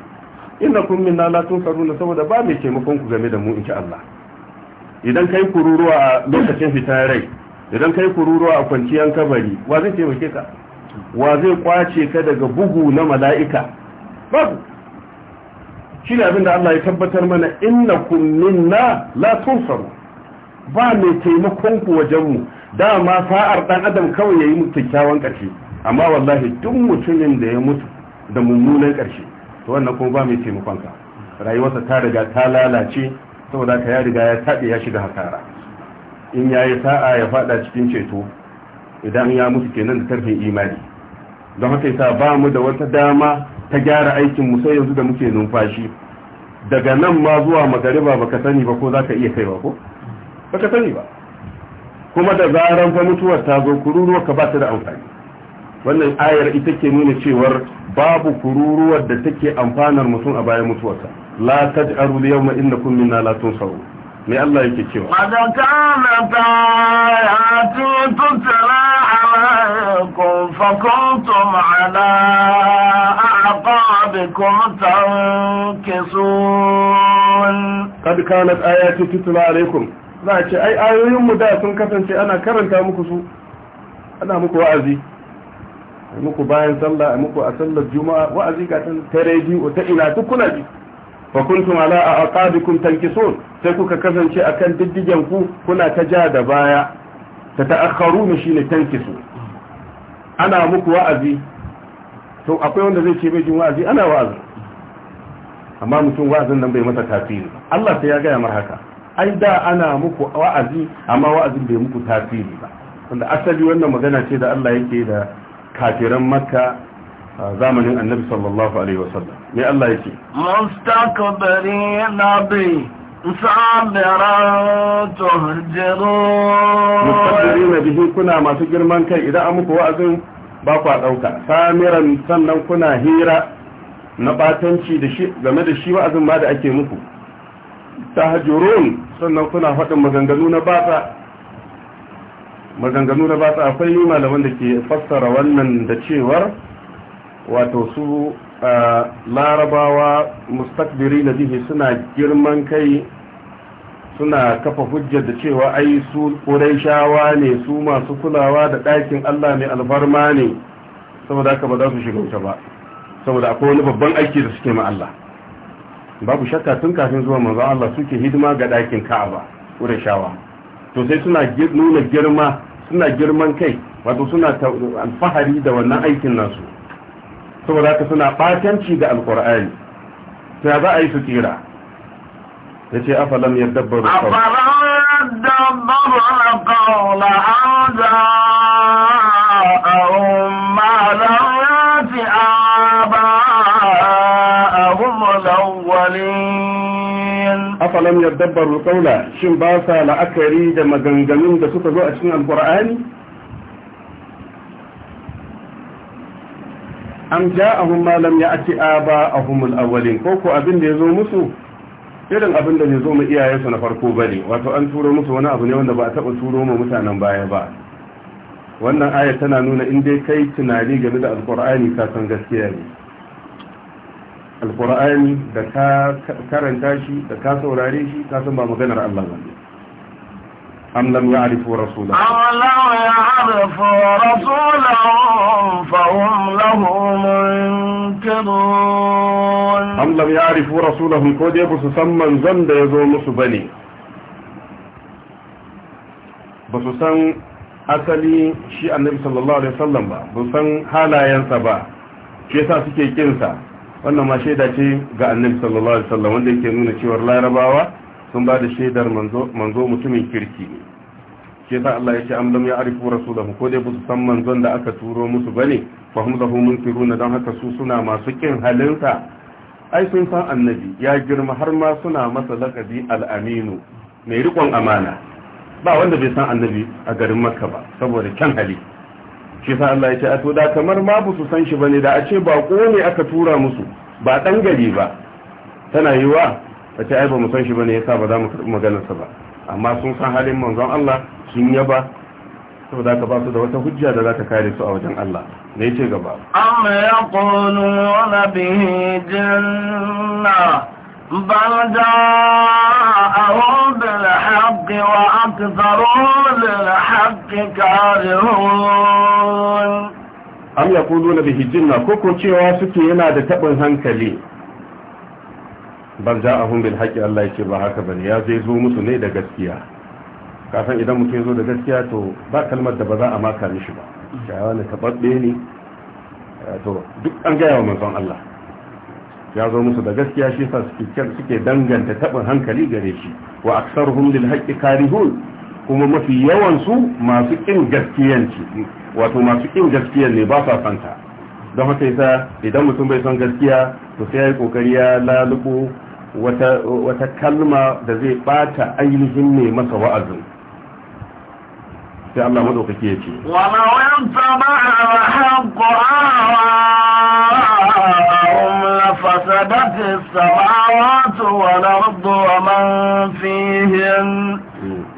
ina kun minna la tunsaruna saboda ba mai taimakon ku game da mu insha Allah idan kai kururuwa a lokacin fitan rai idan kai kururuwa a kwanciyar kabari wa zai taimake ka wa zai kwace ka daga bugu na mala'ika babu shi ne abinda Allah ya tabbatar mana innakum minna la tunsaru ba mai taimakon ku wajen wajenmu dama sa'ar ɗan adam kawai yayi mutu kyawun ƙarshe amma wallahi duk mutumin da ya mutu da mummunan ƙarshe to wannan kuma ba mai taimakon ka rayuwarsa ta riga ta lalace saboda ka ya riga ya taɓe ya shiga hasara in yayi sa'a ya faɗa cikin ceto idan ya mutu kenan da karfin imani don haka yasa ba mu da wata dama ta gyara aikin mu sai yanzu da muke numfashi daga nan ma zuwa magariba baka sani ba ko zaka iya kaiwa ko baka sani ba kuma da zaran fa mutuwar ta zo kururuwar ka ba ta da amfani wannan ayar ita ke nuna cewar babu kururuwar da take amfanar mutum a bayan mutuwarsa la taj'aru yawma innakum minna la tunsaru mai Allah yake cewa kada kana ta yati tutla alaikum fa kuntum ala aqabikum tankisun kad kanat ayati tutla alaikum za a ce ai ayoyin mu da sun kasance ana karanta muku su ana muku wa'azi muku bayan sallah muku a sallar juma'a wa'azi ga ta rediyo ta ina tukuna kuna ji fa kuntum ala aqabikum tankisun sai kuka kasance akan diddigen ku kuna ta ja da baya ta ta'akharu shine tankisu ana muku wa'azi to akwai wanda zai ce mai jin wa'azi ana wa'azi amma mutum wa'azin nan bai masa tasiri Allah sai ya gaya mar haka ai da ana muku wa'azi amma wa'azin bai muku tasiri ba wanda asali wannan magana ce da Allah yake da kafiran makka zamanin annabi sallallahu alaihi wasallam me Allah yake mustaqbari nabi sabiran tuhjiru mustaqbirina bihi kuna masu girman kai idan an muku wa'azin ba ku dauka samiran sannan kuna hira na batanci da shi game da shi wa'azin ma da ake muku tahjurun sannan kuna faɗin maganganu na batsa maganganu na batsa akwai malaman da ke fassara wannan da cewar wato su larabawa mustakbiri na jihi suna girman kai suna kafa hujjar da cewa ai su shawa ne su masu kulawa da ɗakin allah mai alfarma ne saboda haka ba za su shiga wuta ba saboda akwai wani babban aiki da suke ma allah babu shakka tun kafin zuwa manzon allah suke hidima ga ɗakin ka'aba ƙuraishawa to sai suna nuna girma suna girman kai wato suna alfahari da wannan aikin nasu saboda haka suna batanci ga alkur'ani ta za a yi su tsira ya ce afalam ya dabbaru qawla an ja'ahum ma lam yati aba'ahum al-awwalin afalam yadabbaru qawla shin ba sa la'akari da maganganun da suka zo a cikin alkur'ani am ja'ahum ma lam ya'ti aba'ahum al-awwalin ko ko abin da yazo musu irin abin da ne zo mu iyaye su na farko bane wato an turo musu wani abu ne wanda ba a taba turo mu mutanen baya ba wannan aya tana nuna in dai kai tunani game da alqur'ani ka san gaskiya ne alqur'ani da ka karanta shi da ka saurare shi ka san ba maganar Allah ba أم لم يعرفوا رسوله أم لم يعرفوا رسولهم فهم له منكرون أم لم يعرفوا رسولهم ko dai ba su san manzon da yazo musu صلى ba su san asali shi ينسبا sallallahu alaihi كنسا halayensa ba shi yasa suke kinsa wannan ma shaida ce ga annabi sallallahu alaihi wasallam wanda yake nuna cewar larabawa sun ba da shaidar manzo mutumin kirki ne ke sa Allah ya ce am lam ya'rifu rasulahu ko dai busu san manzon da aka turo musu bane fa hum lahu munkiruna dan haka su suna masu kin halinsa ai sun san annabi ya girma har ma suna masa laqabi al'aminu mai rikon amana ba wanda bai san annabi a garin makka ba saboda kyan hali shi sa Allah ya ce a to da kamar ma busu san shi bane da a ce ba ko ne aka tura musu ba dan gari ba tana yiwa a ce ai ba mu san shi bane yasa ba za mu karɓi maganarsa ba amma sun san halin manzon Allah sun yaba saboda ka ba su da wata hujja da za ta kare su a wajen Allah ne ce gaba amma ya qulu wa bihi janna bal ja'ahum bil haqqi wa aktharuhum lil haqqi karihun am yaquluna bihi jinna ko ko cewa yana da taɓin hankali bal ja'ahum bil haqqi Allah yake ba haka bane ya zai zo musu ne da gaskiya kafin idan mutum ya zo da gaskiya to ba kalmar da ba za a maka mishi ba ya ne tababbe eh, ne to duk an gaya wa manzon Allah ya zo musu da gaskiya shi sa suke suke danganta tabin hankali gare shi wa aktsaruhum lil haqqi karihun kuma mafi yawan su masu kin gaskiyanci wato masu kin gaskiyan ne ba sa santa don haka yasa idan mutum bai son gaskiya to sai ya yi kokari ya laluku. wata kalma da zai bata ainihin ne masa wa'azin sai Allah madaukake ya ce wa ma yanta ba'a wa haqqu ahum la fasadat as-samawati wal ardu wa man fihin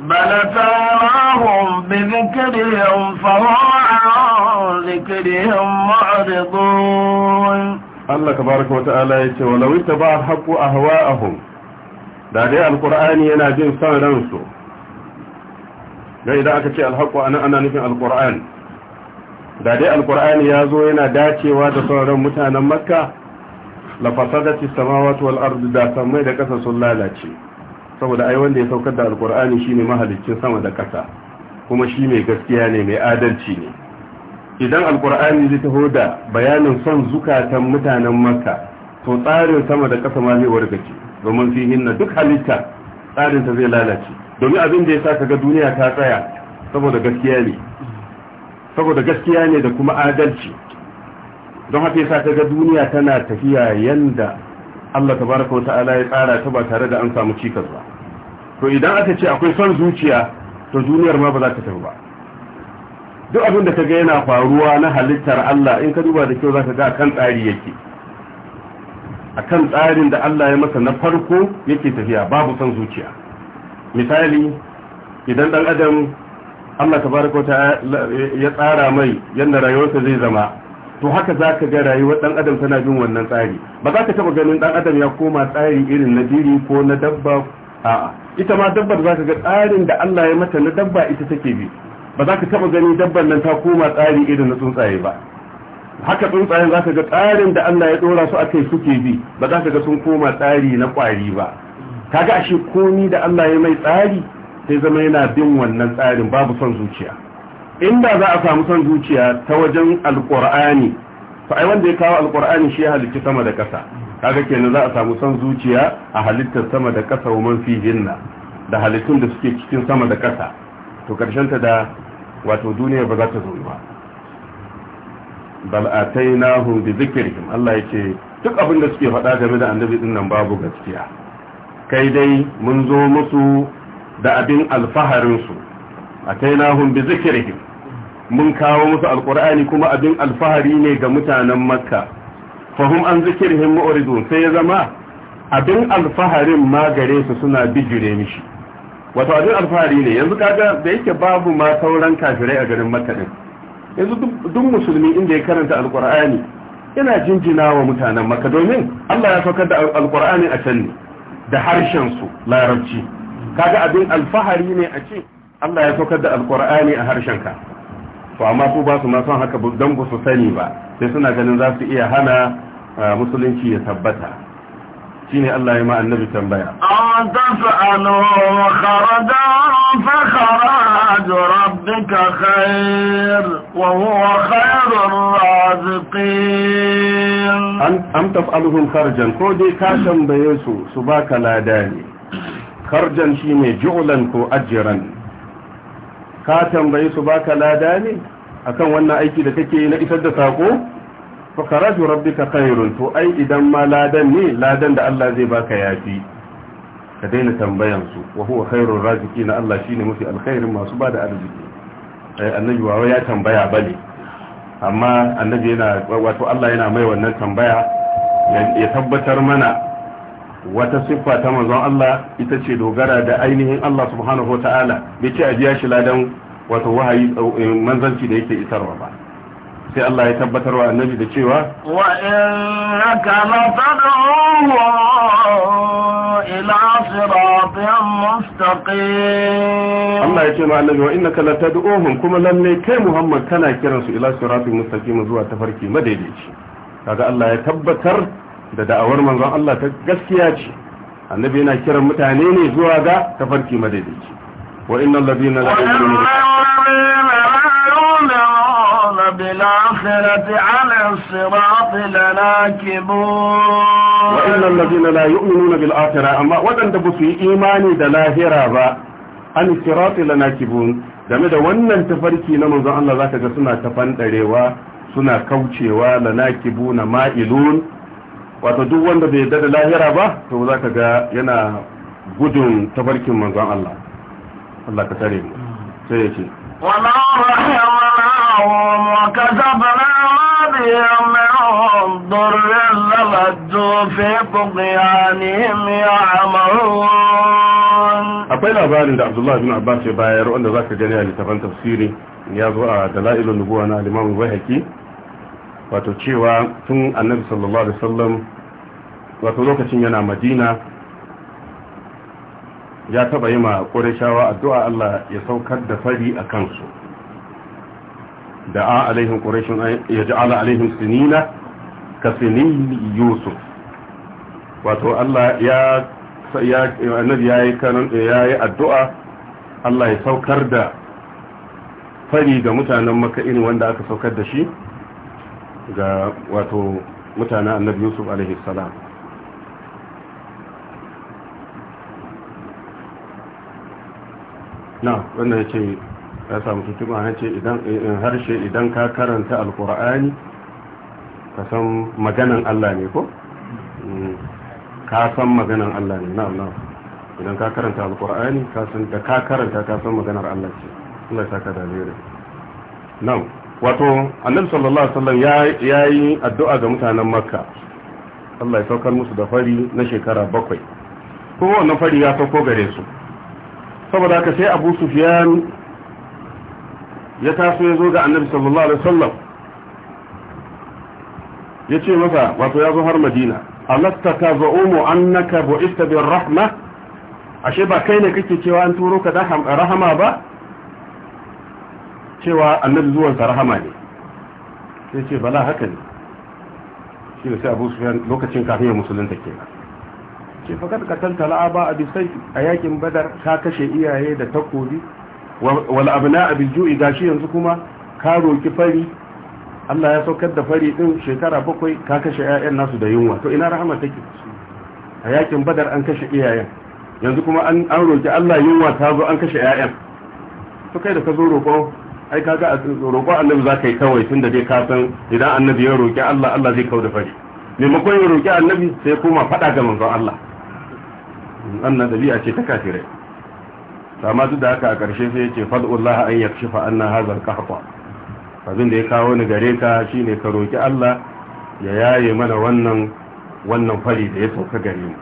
bal tarahum bi dhikrihim fa hum an dhikrihim mu'ridun Allah baraka wa ta'ala ya ce walau ittaba a ahwa'ahum da dai alqur'ani yana jin san ransu da idan aka ce alhaqqu ana ana nufin Alƙur'ani. da dai alqur'ani ya zo yana dacewa da sauran mutanen makka la fasadati samawati wal da samai da kasa sun lalace saboda ai wanda ya saukar da alqur'ani shine mahaliccin sama da kasa kuma shi mai gaskiya ne mai adalci ne idan alkur'ani zai taho da bayanin son zukatan mutanen makka to tsarin sama da kasa ma zai wargace domin fihin na duk halitta tsarin ta zai lalace domin abin da ya sa kaga duniya ta tsaya saboda gaskiya ne saboda gaskiya ne da kuma adalci don haka yasa kaga duniya tana tafiya yanda Allah tabaraka wa ta'ala ya tsara ta ba tare da an samu cikas ba to idan aka ce akwai son zuciya to duniyar ma ba za ta tafi ba duk abin da kaga yana faruwa na halittar Allah in ka duba da kyau zaka ga kan tsari yake akan tsarin da Allah ya masa na farko yake tafiya babu san zuciya misali idan dan adam Allah tabaraka ta ya tsara mai yanda rayuwarsa zai zama to haka zaka ga rayuwar dan adam tana bin wannan tsari ba za ka taba ganin dan adam ya koma tsari irin na biri ko na dabba a'a ita ma dabbar zaka ga tsarin da Allah ya mata na dabba ita take bi ba za ka taba gani dabban nan ta koma tsari irin na tsuntsaye ba haka tsuntsayen za ka ga tsarin da Allah ya dora su a kai suke bi ba za ka ga sun koma tsari na kwari ba kaga ashe komi da Allah ya mai tsari sai zama yana bin wannan tsarin babu son zuciya In inda za a samu son zuciya ta wajen alqur'ani fa ai wanda ya kawo alqur'ani shi ya halicci sama da ƙasa kaga kenan za a samu son zuciya a halittar sama da ƙasa wa man fi jinna da halittun da suke cikin sama da ƙasa to karshen ta da wato duniya ba za ta zo ba bal atainahum bi zikrihim Allah yake duk abin da suke faɗa game da annabi din nan babu gaskiya kai dai mun zo musu da abin alfaharin su atainahum bi zikrihim mun kawo musu alqur'ani kuma abin alfahari ne ga mutanen makka fahum an zikrihim mu'ridun sai ya zama abin alfaharin ma gare su suna bijire mishi wato abin alfahari ne yanzu kaga da yake babu ma sauran kafirai a garin makadin yanzu duk musulmi inda ya karanta alkur'ani yana jinjina wa mutanen maka domin Allah ya saukar da alkur'ani a can ne da harshen su larabci kaga abin alfahari ne a ce Allah ya saukar da alkur'ani a harshen ka to amma su ba su ma son haka don ba su sani ba sai suna ganin za su iya hana eh, musulunci ya tabbata shine Allah ya ma annabi tambaya an tasalu kharaja fa kharaj rabbika khair ko dai ka tambaye su su baka lada ne kharjan shine ju'lan ko ajran ka tambaye su baka lada ne akan wannan aiki da kake na isar da sako fa rabbi ka khairun to ai idan ma ladan ne ladan da Allah zai baka yafi ka daina tambayan su wa huwa khairur raziqina Allah shine mafi alkhairin masu bada arziki ai annabi wawa ya tambaya bane amma annabi yana wato Allah yana mai wannan tambaya ya tabbatar mana wata siffa ta manzon Allah ita ce dogara da ainihin Allah subhanahu wa ta'ala bai ce a biya shi ladan wato wahayi eh, manzanci da yake isarwa ba sai Allah ya tabbatar wa annabi da cewa wa innaka la tad'uhu ila siratin mustaqim Allah ya ce ma annabi wa innaka la tad'uhum kuma lalle kai Muhammad kana kiran su ila siratin mustaqim zuwa tafarki madaidaici kaga Allah ya tabbatar da da'awar manzon Allah ta gaskiya ce annabi yana kiran mutane ne zuwa ga tafarki madaidaici wa innal ladina la yu'minuna وبالآخرة على الصراط لناكبون وإن الذين لا يؤمنون بالآخرة أما ودن دبسي إيماني دلاهرة با عن الصراط لناكبون game da wannan tafarki na manzon Allah ka ga suna tafandarewa, suna kaucewa na ma'ilun wato duk wanda bai yarda da lahira ba to ka ga yana gudun tafarkin manzon Allah Allah ka tare mu sai ya ce معهم وكتبنا ما بهم منهم ضر لمجوا في طغيانهم يعمهون akwai labarin da Abdullahi bin Abbas ya bayar wanda zaka gani a littafin tafsiri ya zo a dalailun nubuwa na Imam Bayhaqi wato cewa tun Annabi sallallahu alaihi wasallam wato lokacin yana Madina ya taba yi ma ƙorashawa, addu'a Allah ya saukar da fari a kansu da a alaihim quraishun ya ja'ala alaihim sinina ka sinin yusuf wato Allah ya ya annabi yayi kanan yayi addu'a Allah ya saukar da fari ga mutanen maka wanda aka saukar da shi ga wato mutanen annabi yusuf alaihi salam na wanda ya ce ya samu ya ce in eh, harshe idan ka karanta alkur'ani ka san maganan Allah ne ko mm. ka san maganan Allah ne na Allah idan ka karanta alkur'ani ka san da ka karanta ka san maganar Allah ce Allah ya saka da alheri nan wato annabi sallallahu alaihi wasallam ya yi addu'a ga mutanen makka Allah ya saukar musu da fari na shekara bakwai kuma wannan fari ya sauko gare su saboda haka sai abu sufiyan ya taso ya zo ga annabi sallallahu alaihi wasallam ya ce masa wato ya zo har madina alasta ka umu annaka bu'ista bir rahma ashe ba kai ne kake cewa an turo ka da rahama ba cewa annabi zuwan sa rahama ne sai ce bala haka ne shi da sai Abu Sufyan lokacin kafin ya musulunta kenan ce fakat ka tantala ba a bisai a yakin badar ka kashe iyaye da takobi wal abna bil ju'i gashi yanzu kuma ka roki fari Allah ya saukar da fari din shekara bakwai ka kashe 'ya'yan nasu da yunwa to ina rahama take a yakin badar an kashe iyayen yanzu kuma an an roki Allah yunwa ta zo an kashe 'ya'yan to kai da ka zo roƙo ai kaga roƙo annabi za ka yi kawai tunda dai ka san idan annabi ya roki Allah Allah zai kawo da fari maimakon ya roki annabi sai koma faɗa ga manzon Allah wannan ɗabi'a ce ta kafirai amma duk da haka a ƙarshe sai ya ce fad'ullah an yakshifa anna hadha al-qahta abin da ya kawo ni gare ka shine ka roki Allah ya yaye mana wannan wannan fari da ya sauka gare mu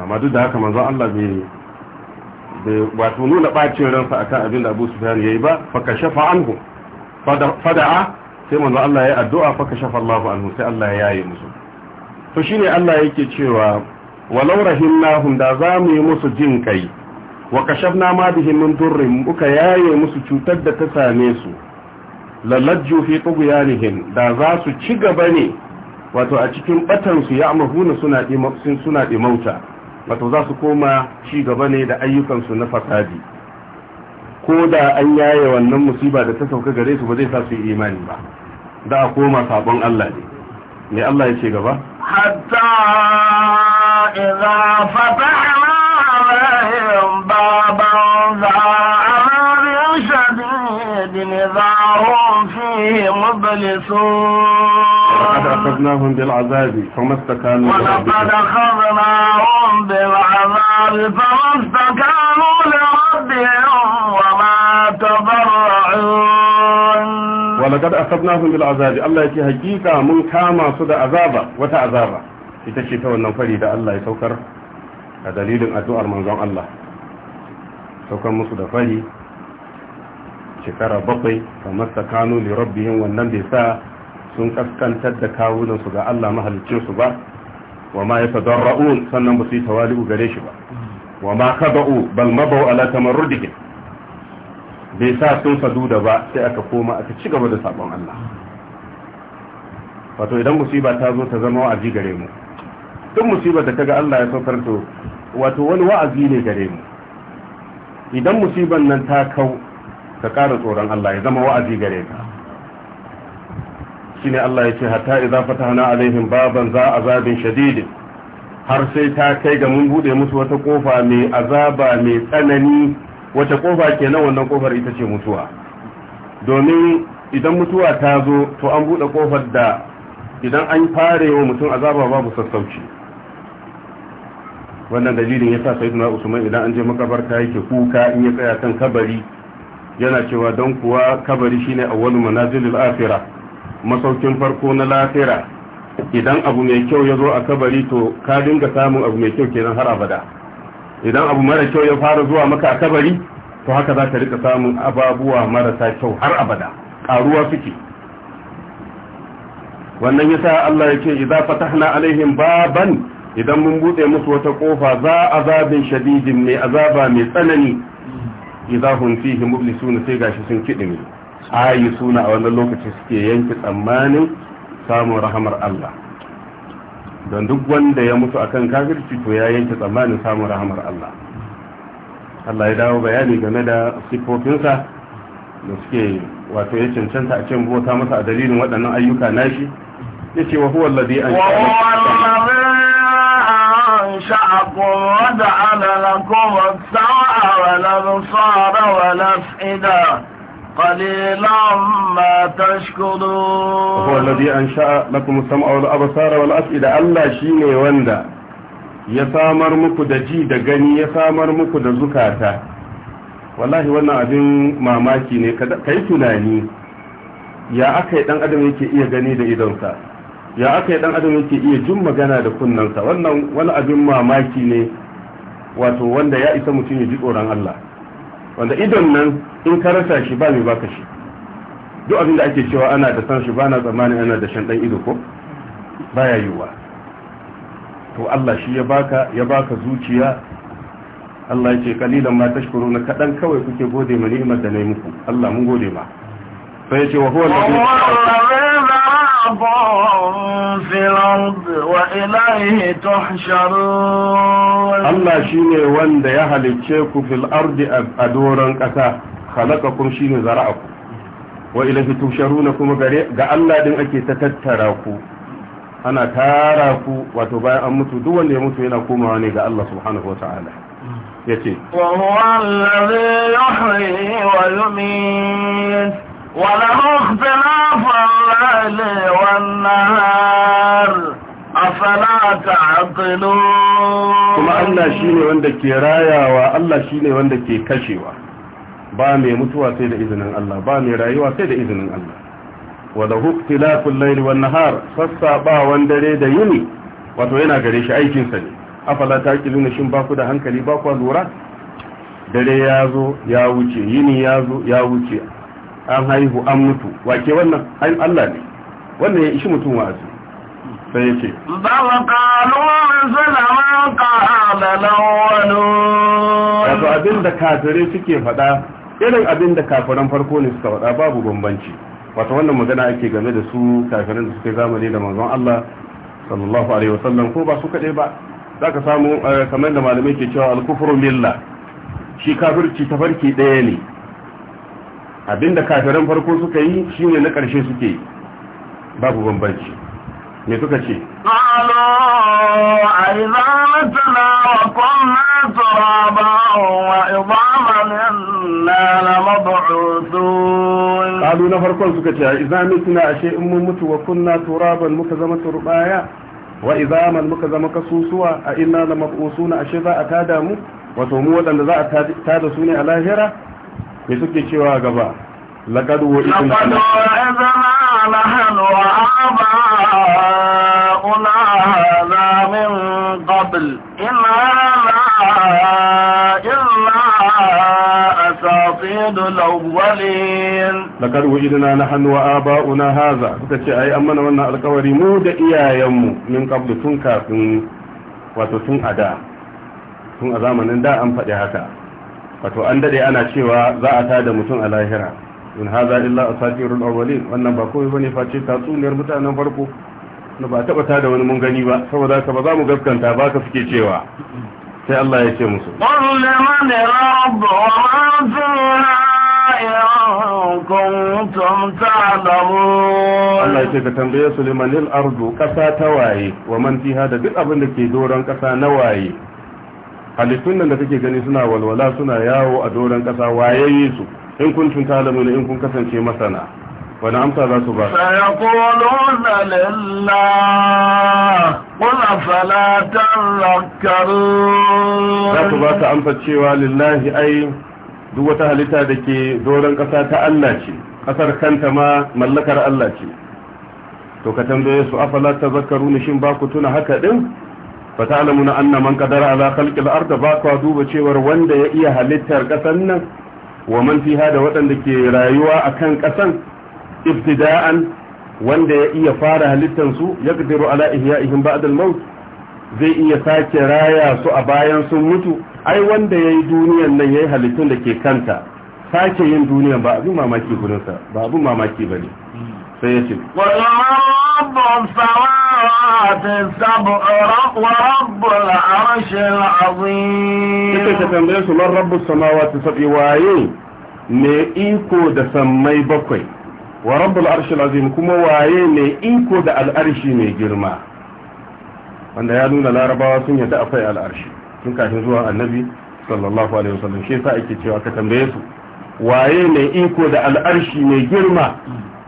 amma duk da haka manzo Allah bai wato nuna bacin ransa akan abin da Abu Sufyan yayi ba fa kashafa anhu fada'a sai manzo Allah ya addu'a fa kashafa Allahu anhu sai Allah ya yaye musu to shine Allah yake cewa walau rahimnahum da zamu yi musu jin kai wa kashafna ma bihim min durrin muka yaye musu cutar da ta same su lalajju fi tughyanihim da za su ci gaba ne wato a cikin batan su ya amahuna suna suna dimauta wato za su koma ci gaba ne da ayyukan su na fasadi ko da an yaye wannan musiba da ta sauka gare su ba zai sa su yi imani ba da a koma sabon Allah ne Me Allah ya ce gaba hatta idza fatahna بابا ذا عذاب شديد إذا هم فيه مبلسون ولقد أخذناهم بالعذاب فما استكانوا ولقد أخذناهم بالعذاب فما استكانوا لربهم وما تضرعون ولقد أخذناهم بالعذاب الله يكي حقيقة من كاما صدى عذابا وتعذابا عذابا ita ce ta الله fari da Allah ya saukar saukar musu da fari shekara bakwai kamar tsakanu li rabbihim wannan bai sa sun kaskantar da kawunansu ga Allah su ba wa ma ya tadarra'un sannan ba su yi tawali'u gare shi ba wa ma ba'u bal mabau ala tamarrudihim bai sa sun da ba sai aka koma aka ci gaba da sabon Allah wato idan musiba ta zo ta zama wa'azi gare mu duk musibar da kaga Allah ya saukar to wato wani wa'azi ne gare mu idan musiban nan ta kau ka ƙara tsoron Allah ya zama wa'azi gare ka shine Allah ya ce hatta idza fatahna alaihim baban za azabin shadid har sai ta kai ga mun bude musu wata kofa mai azaba mai tsanani wata kofa kenan wannan kofar ita ce mutuwa domin idan mutuwa ta zo to an bude kofar da idan an fare wa mutum azaba babu sassauci wannan dalilin ya yasa sayyidina usman idan an je makabarta yake kuka in ya tsaya kan kabari yana cewa don kuwa kabari shine awwalu manazilil akhirah masaukin farko na lafira idan abu mai kyau ya zo a kabari to ka dinga samun abu mai kyau kenan har abada idan abu mara kyau ya fara zuwa maka a kabari to haka za ka rika samun ababuwa marasa kyau har abada karuwa suke wannan yasa Allah yake idza fatahna alaihim baban idan mun bude musu wata kofa za zabin shadidin mai azaba mai tsanani idahun fihi mublisuna sai gashi sun A yi suna a wannan lokaci suke yanke tsammanin samun rahamar Allah don duk wanda ya mutu akan kafirci to ya yanke tsammanin samun rahamar Allah Allah ya dawo bayani game da sifofinsa da suke wato ya cancanta a cin bota masa a dalilin waɗannan ayyuka nashi yace wa huwa an ansha'akum معكم وجعل لكم السمع والأبصار والأفئدة قليلا ما تشكرون هو الذي أنشأ لكم السمع والأبصار والأفئدة ألا شيني وندا ya samar muku da ji da gani ya samar muku da zukata wallahi wannan abin mamaki ne ka yi tunani ya aka yi dan adam yake iya gani da idonsa ya aka yi dan adam yake iya jin magana da kunnansa wannan wani abin mamaki ne wato wanda ya isa mutum ya ji tsoron Allah wanda idon nan in ka rasa shi ba mai baka shi duk abin da ake cewa ana da san shi ba na tsammanin ana da shan dan ido ko baya yiwuwa to Allah shi ya baka ya baka zuciya Allah ya ce kalilan ma tashkuruna kadan kawai kuke gode ma ni'imar da nayi muku Allah mun gode ma sai ya ce wa huwa بَعْضًا فِي الْأَرْضِ وَإِلَيْهِ تُحْشَرُونَ Allah shine wanda ya halicce ku fil ardi a doron ƙasa khalaqakum shine zara'aku wa ilaihi tusharuna kuma gare ga Allah din ake ta tattara ku ana tara ku wato bayan an mutu duk wanda ya mutu yana komawa ne ga Allah subhanahu yace ولهم اختلاف الليل والنهار afala ta'qilu kuma Allah shine wanda ke rayawa Allah shine wanda ke kashewa ba mai mutuwa sai da izinin Allah ba mai rayuwa sai da izinin Allah wa da huktilaful layli wan nahar sassabawan dare da yini wato yana gare aikinsa ne afala ta'qiluna shin ba ku da hankali ba lura dare ya zo ya wuce yini ya zo ya wuce an haihu an mutu wake wannan an Allah ne wannan ya ishi mutum wa'azi sai yake ba wa qalun zalama qala lawalu wato abin da kafire suke faɗa irin abin da kafiran farko ne suka faɗa babu bambanci wato wannan magana ake game da su kafirin da suke zamani da manzon Allah sallallahu alaihi wasallam ko ba su kaɗai ba za ka samu eh, kamar da malamai ke cewa alkufru lillah shi kafirci tafarki ɗaya ne abinda kafiran farko suka yi shine na ƙarshe suke yi babu bambanci me suka ce qalu aiza matana wa kunna turaba wa idaman inna lamab'uthun qalu na farkon suka ce aiza a ashe in mun mutu wa kunna turaban muka zama turbaya wa izaman muka zama kasusuwa a inna a ashe za a tada mu wato mu waɗanda za a tada su ne a lahira me suke cewa gaba laqad wa'idna nahnu wa aba'una hadha min qabl in lakar wujidina na hannu wa aba'una haza suka ce ai an mana wannan alkawari mu da iyayenmu min kabdu tun kafin wato tun a da tun a zamanin da an faɗi haka wato an dade ana cewa za a tada mutum a lahira in haza illa asatirul awwalin wannan ba komai bane face tatsuniyar mutanen farko na ba taba tada wani mun gani ba saboda haka ba za mu gaskanta ba ka suke cewa sai Allah ya ce musu qul man rabbu wa kuntum ta'lamun Allah ka tambaye Suleiman al ardu kasa tawaye wa man fiha da duk abin da ke doron kasa na waye halittun nan da kake gani suna walwala suna yawo a doron kasa wayaye su in kuntum ne in kun kasance masana wani amsa za su ba sayaquluna lillah qul afala tadhakkarun za su ba ta amsa cewa lillahi ai duk wata halitta da ke doron kasa ta Allah ce kasar kanta ma mallakar Allah ce to ka tambaye su afala tadhakkaruna shin ba ku tuna haka din bata alamu anna man kadara ala khalqi ard ba ka duba cewar wanda ya iya halittar kasan nan wa man fiha da waɗanda ke rayuwa akan kasan ibtida'an wanda ya iya fara halittar su yaqdiru ala ihya'ihim ba'da al-maut zai iya sake raya su a bayan sun mutu ai wanda yayi duniyan nan yayi halittun da ke kanta sake yin duniyan ba abin mamaki sa ba abin mamaki bane sai ya ce Ita ka tambaye su man rabu samawa ta sabi waye mai iko da sammai bakwai, wa rabbul arshil azim kuma waye mai iko da al'arshi mai girma, wanda ya nuna larabawa sun yadda akwai al'arshi, sun kafin zuwa annabi sallallahu alaihi wasallam shi sa ake cewa ka tambaye su waye ne iko da al'arshi mai girma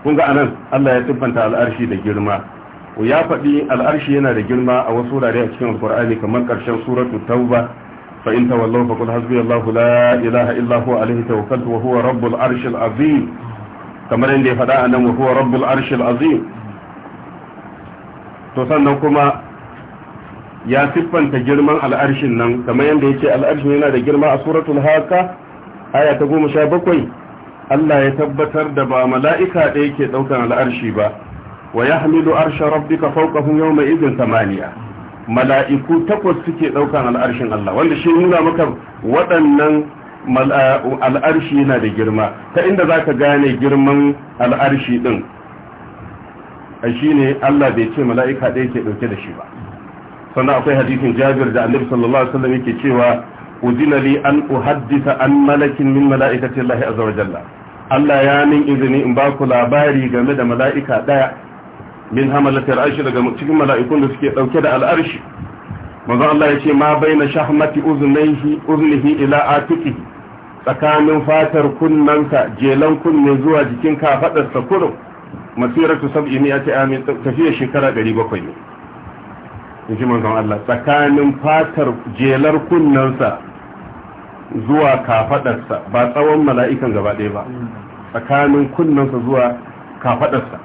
kun ga anan Allah ya siffanta al'arshi da girma ya faɗi al'arshi yana da girma a wasu wurare a cikin alkur'ani kamar ƙarshen suratul tauba fa in tawallaw fa qul hasbiyallahu la ilaha illa huwa alayhi tawakkaltu wa huwa rabbul arshil azim kamar inda ya faɗa anan wa huwa rabbul arshil azim to sannan kuma ya siffanta girman al'arshin nan kamar yadda yake al'arshin yana da girma a suratul haka aya ta goma sha bakwai Allah ya tabbatar da ba mala'ika ɗaya ke ɗaukan al'arshi ba wa ya hamilu arshen rabbika fawqahum mai izin samaniya mala'iku takwas suke ɗaukan al'arshin Allah wanda shi nuna maka waɗannan al'arshi yana da girma ta inda za ka gane girman al'arshi ɗin a shi ne Allah bai ce mala'ika ɗaya ke ɗauke da shi ba sannan akwai hadisin jabir da annabi sallallahu alaihi wasallam yake cewa udina an uhaddisa an malakin min mala'ikati Allah azza wa Allah ya min izini in ba ku labari game da mala'ika ɗaya min hamalatar arshi daga cikin mala'ikun da suke ɗauke da al'arshi manzon Allah ya ce ma na shahmati uzunihi uzunihi ila atiki tsakanin fatar kunnanka jelan kunne zuwa jikin kafadarsa kurum masiratu sab'i ne yace amin tafiya shekara bakwai ne yaji manzon Allah tsakanin fatar jelar kunnansa zuwa kafadarsa ba tsawon mala'ikan gaba ɗaya ba tsakanin kunnensa zuwa kafadarsa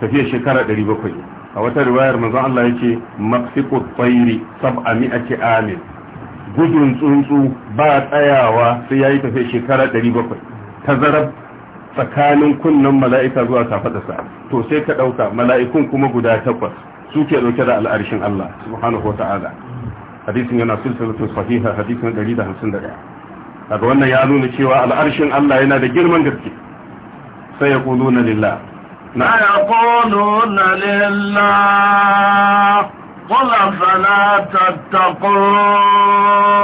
tafiya shekara 700 a wata riwayar manzon Allah ce mafsiqut tayri sab'a ake amin gudun tsuntsu ba tsayawa sai ya yi tafiya shekara 700 tazarar tsakanin kunnan mala'ika zuwa kafadarsa to sai ka ɗauka mala'ikun kuma guda takwas suke ɗauke da al'arshin Allah subhanahu wata'ala hadisin yana silsilatu sahiha hadisin 151 daga wannan ya nuna cewa al'arshin Allah yana da girman gaske sai ya kulu na lillah na ya kulu na lillah kula fana tattako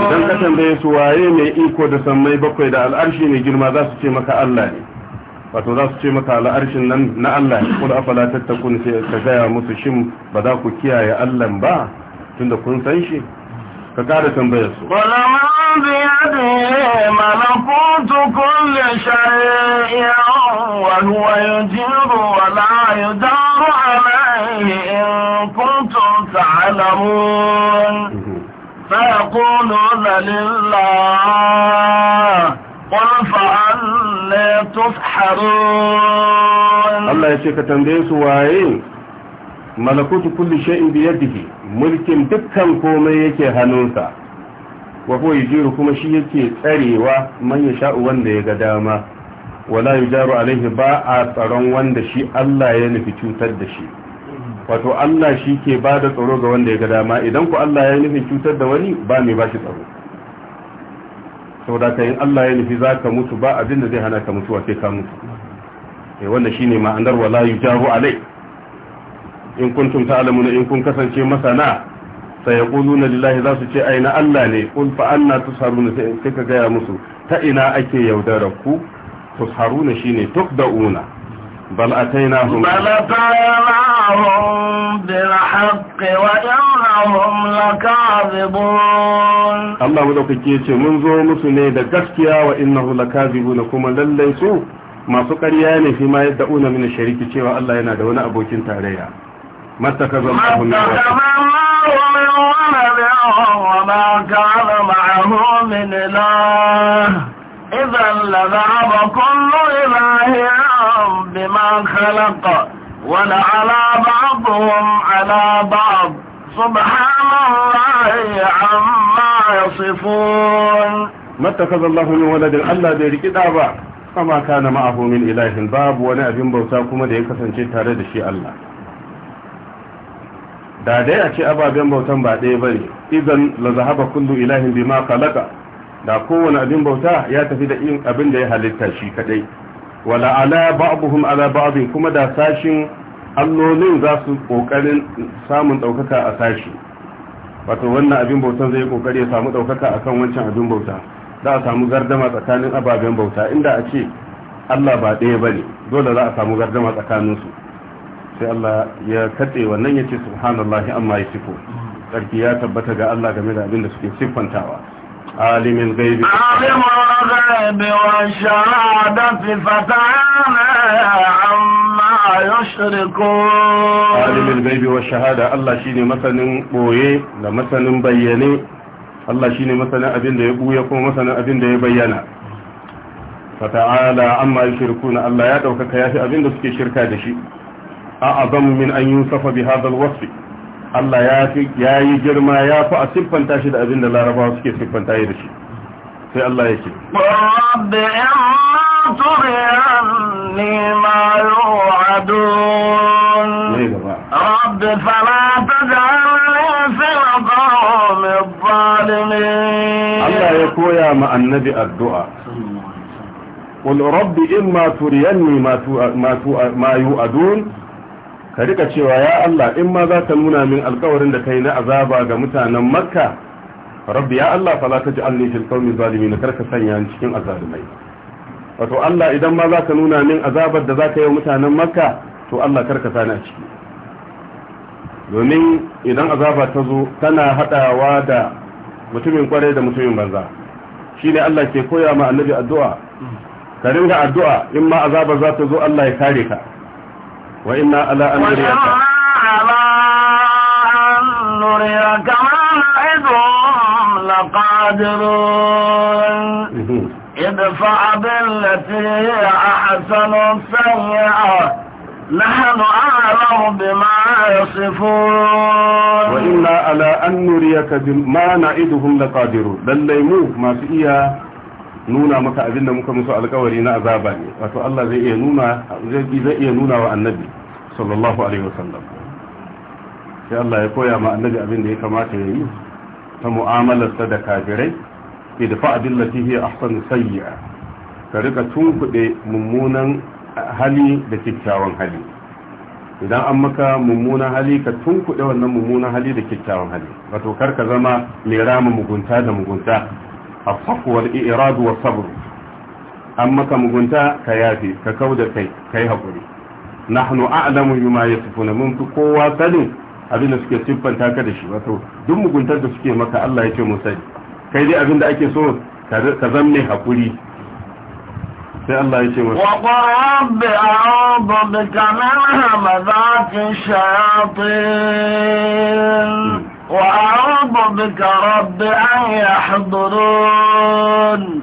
idan ka tambaye su waye mai iko da sammai bakwai da al'arshi mai girma za su ce maka Allah ne wato za su ce maka al'arshin nan na Allah ne kula fana tattako sai ka gaya musu shin ba za ku kiyaye Allah ba tunda kun san shi ka ƙara tambayar su ƙwalaman biyade malakutu kulle shari'a wa huwa yujiru wa la yudaru alayhi in kuntum ta'lamun فيقولون لله قل فأنا تفحرون الله يشيك تنبيه سوائي malakutu kulli shay'in bi yadihi mulkin dukkan komai yake hannunsa wa huwa yujiru kuma shi yake tsarewa man sha'u wanda ya ga dama wala yujaru alaihi ba a tsaron wanda shi Allah ya nufi cutar da shi wato Allah shi ke ba da tsaro ga wanda ya ga dama idan ku Allah ya nufi cutar da wani ba mai ba shi tsaro sau da Allah ya nufi za ka mutu ba abin da zai hana ka mutuwa sai ka mutu eh, wannan shine ma'anar wala yujaru alaihi in kuntum ta'lamuna in kun kasance masana sai yaquluna lillahi za su ce aina Allah ne qul fa anna tusharuna sai ka gaya musu ta ina ake yaudarar ku tusharuna shine tukdauna بل أتيناهم بل أتيناهم بالحق وإنهم لكاذبون الله ولو كيتي منذ مسني دا غسكيا وإنه لكاذبون كما لليسوا ما سكرياني فيما يدعون من الشريك cewa Allah yana da wani abokin tarayya ما اتخذ الله من ولد وما كان معه من إله إذا لذهب كل إله بما خلق ولعلى بعضهم على بعض سبحان الله عما يصفون ما اتخذ الله من ولد الله بيرك دعوة فما كان معه من إله باب وانا أبين بوساكم دي كسنشي تارد شيء الله da dai a ce ababen bautan ba ɗaya bane idan la zahaba kullu ilahin bima khalaqa da kowane abin bauta ya tafi da yin abin da ya halitta shi kadai wala ala ba'dhum ala ba'd kuma da sashin allolin za su kokarin samun daukaka a sashi wato wannan abin bautan zai kokari ya samu daukaka akan wancan abin bauta za a samu gardama tsakanin ababen bauta inda a ce Allah ba ɗaya bane dole za a samu gardama tsakaninsu sai Allah ya katse wannan ya ce subhanallahi amma ya sifo sarki ya tabbata ga Allah game da abin da suke siffantawa alimin gaibi alimin gaibi wa shahadati fatana amma yushriku alimin gaibi wa shahada Allah shine masanin boye da masanin bayyane Allah shine masanin abin da ya buya kuma masanin abin da ya bayyana fata'ala amma yushrikuna Allah ya dauka ya fi abin da suke shirka da shi أعظم من أن يوصف بهذا الوصف الله يا يا يجر ما يا فا سيفنتا شي ده ابن الله ربا سكي سيفنتا يدشي في الله يكي رب اما تغيرني ما يوعدون إيه رب فلا تجعلني في القوم الظالمين الله يكويا مع النبي الدعاء قل رب اما تريني ما تو ما تو ما يوعدون ka rika cewa ya Allah in ma za ka nuna min alkawarin da kai na azaba ga mutanen makka rabbi ya Allah fa la ta ji'alni fil qawmi zalimin ka sanya ni cikin azalimai wato Allah idan ma za ka nuna min azabar da za ka yi wa mutanen makka to Allah kar ka sani a ciki domin idan azaba ta zo tana hadawa da mutumin kwarai da mutumin banza shine Allah ke koya ma annabi addu'a ka ringa addu'a in ma azabar za ta zo Allah ya kare ka وإنا على أن نريك على أن نريك ما نعدهم لقادرون ادفع بالتي هي أحسن السيئة نحن أعلم بما يصفون وإنا على أن نريك ما نعدهم لقادرون بل ليموك ما في إياه nuna maka abin da muka musu alkawari na azaba ne wato Allah zai iya nuna zai iya nuna wa annabi sallallahu alaihi wasallam sai Allah ya koya ma annabi abin da ya kamata ya yi ta mu'amalarsa da kafirai idfa billati hi ahsanu sayyi'a ka rika tunkuɗe mummunan hali da kyakkyawan hali idan an maka mummunan hali ka tunkuɗe wannan mummunan hali da kyakkyawan hali wato kar ka zama mai rama mugunta da mugunta afakuwar iradu wa sabr an maka mugunta ka yafe ka kauda kai yi hakuri nahnu a'lamu bima yasifuna mun fi kowa sanin abin da suke siffanta ka da shi wato duk muguntar da suke maka Allah ya ce mu sani kai dai abin da ake so ka zamme hakuri sai Allah ya ce wa وَقَرَبِّ أَعُوذُ بِكَ مِنْ هَمَذَاتِ الشَّيَاطِينِ Allah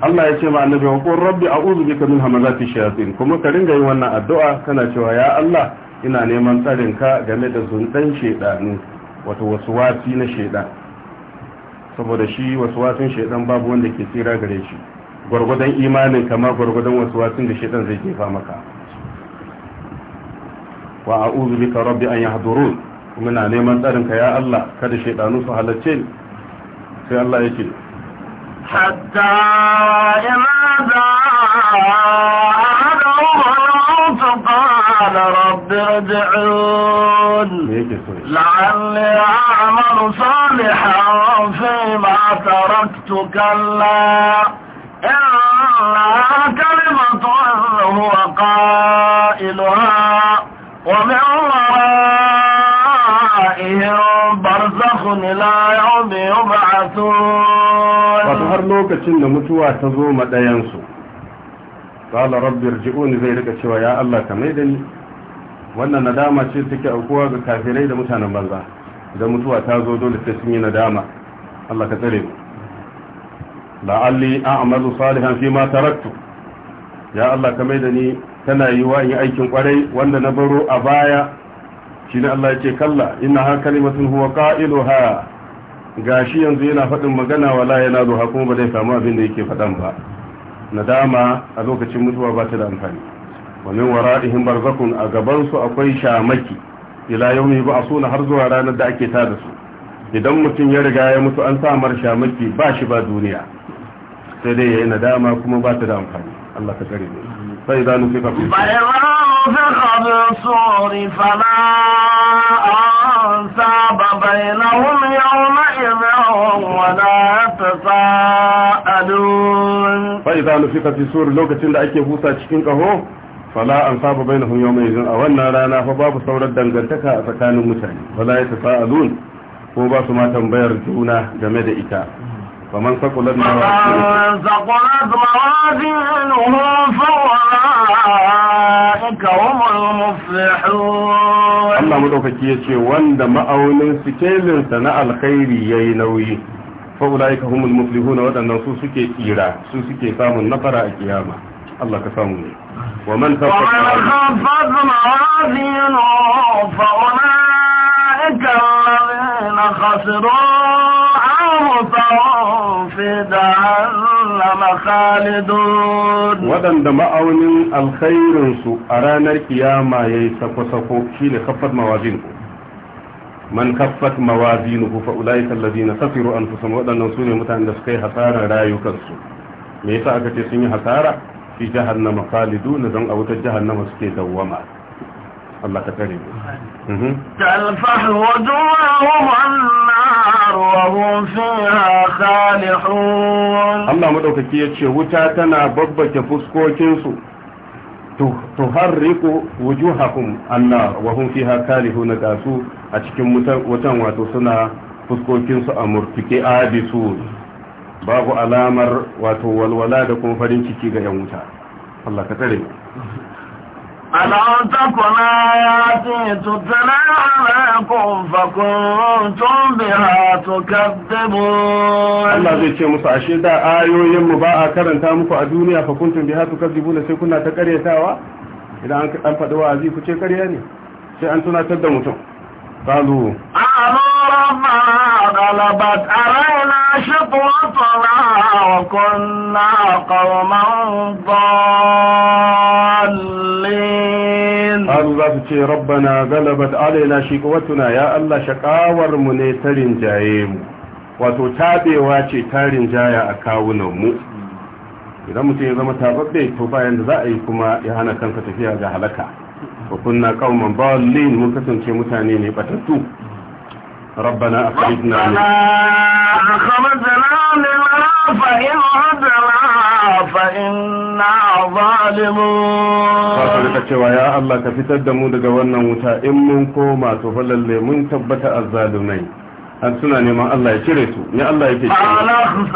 ya ce ma annabi الله rabbi a uzu ربي min بك من همزات kuma ka ringa جاي wannan addu'a كان cewa ya Allah ina neman tsarin ka game da zuntan shedanu wato wasuwasi na shedan saboda shi wasuwasin shedan babu wanda ke tsira gare shi gwargwadon imanin kama gwargwadon wasuwasin da shedan zai ke fa maka wa a'udhu bika rabbi an yahdurun muna neman tsarinka ya Allah kada shaidanu su halarce ni sai Allah yake hatta yamaza قال رب ارجعون لعلي أعمل صالحا فيما تركت كلا إنها كلمة هو قائلها har lokacin da mutuwa ta zo ma ɗayansu ƙala rabbir ji'uni zai rika cewa ya Allah ka mai da ni wannan nadama ce take aukuwa ga kafirai da mutanen banza idan mutuwa ta zo dole sai sun yi nadama Allah ka tsare mu la'alli a'malu salihan fi ma taraktu ya Allah ka mai da ni tana yi wa yi aikin kwarai wanda na baro a baya shine Allah ce kalla inna ha kalimatun huwa qa'iluha gashi yanzu yana faɗin magana wala yana ruha kuma ba zai samu abin da yake faɗan ba nadama a lokacin mutuwa ba ta da amfani wa min wara'ihim barzakun a gaban su akwai shamaki ila yawmi ba asuna har zuwa ranar da ake tada su idan mutum ya riga ya mutu an samar shamaki ba shi ba duniya sai dai yayi nadama kuma ba ta da amfani Allah ka tsare ne sai da nufi ka fi فلا أنساب بينهم ولا تساءلون فإذا نفق في سور lokacin da ake husa cikin kaho fala an saba bainahum yawma idhin a wannan rana fa babu sauran dangantaka a tsakanin mutane wala yatasaalun ko ba su ma tambayar juna game da ita faman saqulat mawazinuhu fa'ulaika humul muflihun Allah madaukaki yace wanda ma'aunin sikelin sa na alkhairi yayi nauyi فأولئك هم المفلحون ودن سو سكي إيرا سو سكي سامن نفر القيامة الله كسامن ومن ومن خفت موازين فأولئك الذين خسروا أنفسهم في جهنم خالدون ودن دمعون الخير سو أرانا القيامة يسكو سفو شين خفت موازينكم man kaffat mawazinuhu fa ulaika alladhina khasiru anfusahum wadannan sune mutanen da suka yi hasara rayukansu me yasa aka ce sun yi hasara fi jahannama khaliduna dan a wutar jahannama suke dawwama Allah ka tare mu mhm. talfah wujuhum annar wa hum fiha khalihun Allah madaukaki yace wuta tana babbake fuskokin su tuharriku wujuhakum anna wa hum fiha kalihuna gasu a cikin wutan wato suna fuskokin su a murtuke abisu babu alamar wato walwala da kuma farin ciki ga yan wuta Allah ka tsare ألم تكن آياتي تتلى عليكم فكنتم بها تكذبون Allah zai ce musu ashe da ayoyin mu ba a karanta muku a duniya fa kuntum biha bude sai kuna ta karyatawa idan an dan fadi wa'azi ku ce karya ne sai an tunatar da mutum qalu a'lamu فغلبت علينا شطوتنا وكنا قوما ضالين الله تي ربنا غلبت علينا شقوتنا يا الله شقاور mu ne ta jaye wato tabewa ce tarin jaya a kawunan mu idan mutum ya zama tababbe to bayan da za a yi kuma ya hana kanka tafiya ga halaka wa kunna qauman dallin mun kasance mutane ne batattu ربنا أخرجنا أخرجنا لنا فإن عدنا فإنا ظالمون فصلت cewa ya Allah ka fitar da mu daga wannan wuta in mun koma to fa mun tabbata azzalumai an suna neman Allah ya cire su ya Allah yake cire su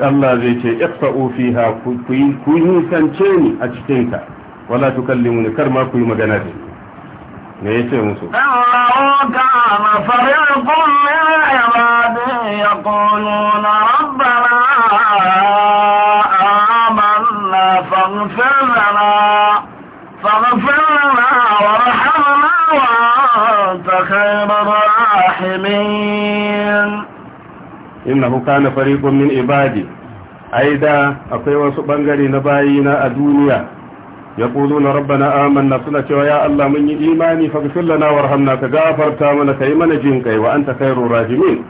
Allah zai ce iqsa'u fiha ku yi kusance ni a cikin ka wala tukallimuni kar ma ku yi magana da ni me yace musu Allahu ta'ala fariqun min ibadi yaquluna rabbana amanna faghfir lana faghfir lana warhamna wa anta khayrur rahimin innahu kana fariqun min ibadi aida akwai wasu bangare na bayina a duniya يقولون ربنا آمنا سنة ويا الله من إيماني فاغفر لنا وارحمنا كغافر تامنا كيمنا جنك وأنت خير الراجمين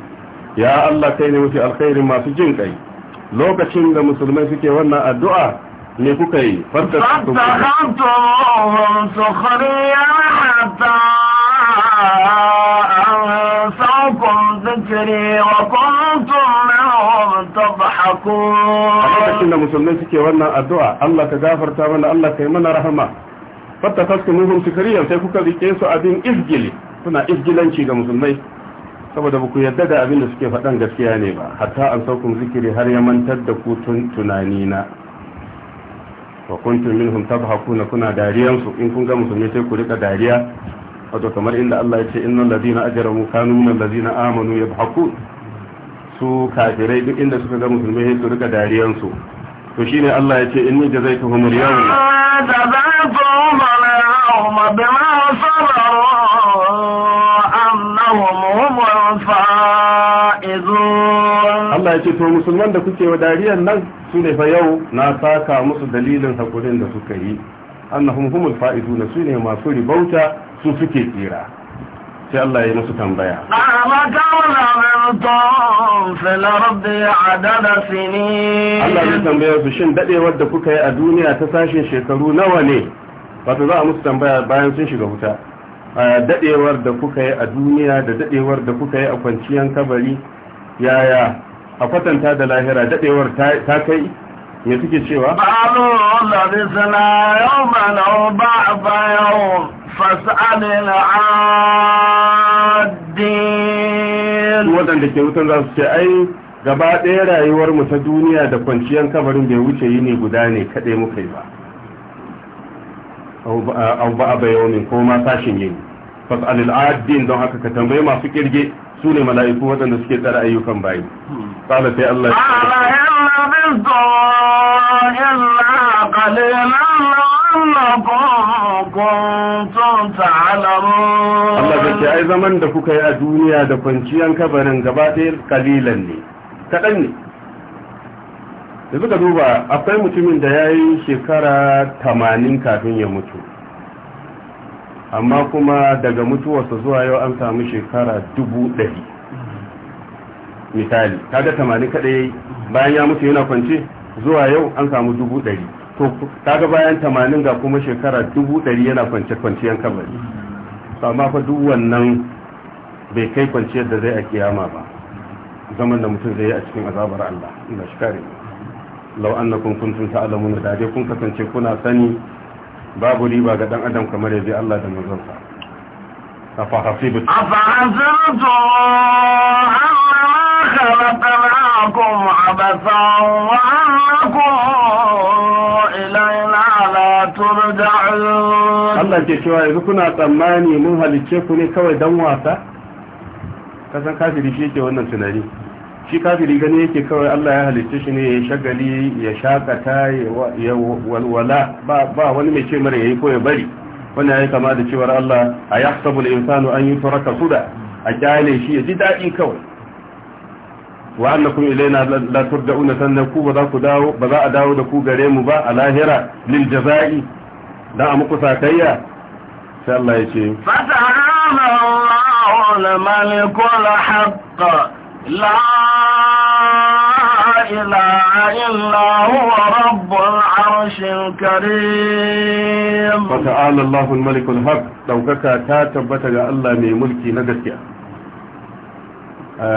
يا الله كيني وفي الخير ما في جنك لو كتشن المسلمين فيك وانا الدعاء نفكي فاتخذتم سخريا حتى أنسوكم ذكري وكنتم وهم تضحكون ألوكتين مسلمين allah ka yi mana rahama تامنا الله كيمنا رحمة فاتخذتموهم سكريا سيكوكا لكيسو abin إفجلي suna إفجلان ga مسلمين saboda ba ku yadda da abin da suke faɗan gaskiya ne ba hatta an saukun zikiri har ya mantar da ku tunani na wa kuntum minhum tabhakuna kuna dariyan su in kun ga musulmi sai ku rika dariya wato kamar inda Allah ya ce innal ladina ajramu kanu minal ladina amanu yadhakun su kafirai duk inda suka ga musulmai su rika dariyansu to shine Allah ya ce inni jazaituhum al-yawma jazaituhum al-yawma bima sabaru annahum humul faizun Allah yace to musulman da kuke wa dariyan nan su ne fa yau na saka musu dalilin hakurin da suka yi annahum humul faizun su ne masu ribauta su suke tsira sai Allah ya yi musu tambaya Allah ya tambaya su shin dadewar da kuka yi a duniya ta sashen shekaru nawa ne wato za a musu tambaya bayan sun shiga wuta dadewar da kuka yi a duniya da dadewar da kuka yi a kwanciyar kabari yaya a kwatanta da lahira dadewar ta kai me suke cewa ba'alu ba na ba a bayan fas'al al-adil wadanda ke wutan za su ce ai gaba ɗaya rayuwar mu ta duniya da kwanciyar kabarin bai wuce yi ne guda ne kaɗai muka yi ba au ba a bayonin ko sashin yini fas'al al don haka ka tambaye masu kirge su ne mala'iku waɗanda suke tsara ayyukan bayi qala sai Allah ya illa bizu illa Allah ba ce ai zaman da kuka yi a duniya da kwanciyar kabarin gaba ɗaya kalilan ne kaɗan ne da suka duba akwai mutumin da ya yi shekara tamanin kafin ya mutu amma kuma daga mutuwarsa zuwa yau an samu shekara dubu ɗari misali kaga tamanin kaɗai bayan ya mutu yana kwanci zuwa yau an samu dubu ɗari to kaga bayan tamanin ga kuma shekara dubu ɗari yana kwance kwanciyan kabari ma fa duk wannan bai kai kwanciyar da zai a kiyama ba zaman da mutum zai yi a cikin azabar Allah inda shi kare lau annakum ta alamun da dai kun kasance kuna sani babu riba ga dan adam kamar bi Allah da mazansa sa fahafi hasibu ta. Allah ke cewa yanzu kuna tsammani mun halicce ku ne kawai dan wasa kasan kafiri shi ke wannan tunani shi kafiri gani yake kawai Allah ya halicce shi ne ya shagali ya shakata ya walwala ba wani mai ce mara yayi ko ya bari wannan yayi kama da cewar Allah a yahsabu al-insanu an yi yutraka suda a kyale shi ya ji dadi kawai وأنكم إلينا لا ترجعون سنكو وذاكو داو بضاء داو دكو غريمو با الاهرة للجزاء دا أمكو ساكيا شاء الله يشي فتعالى الله الملك الحق لا إله إلا هو رب العرش الكريم فتعالى الله الملك الحق لو كتا تاتبتك الله من ملكي نجسيا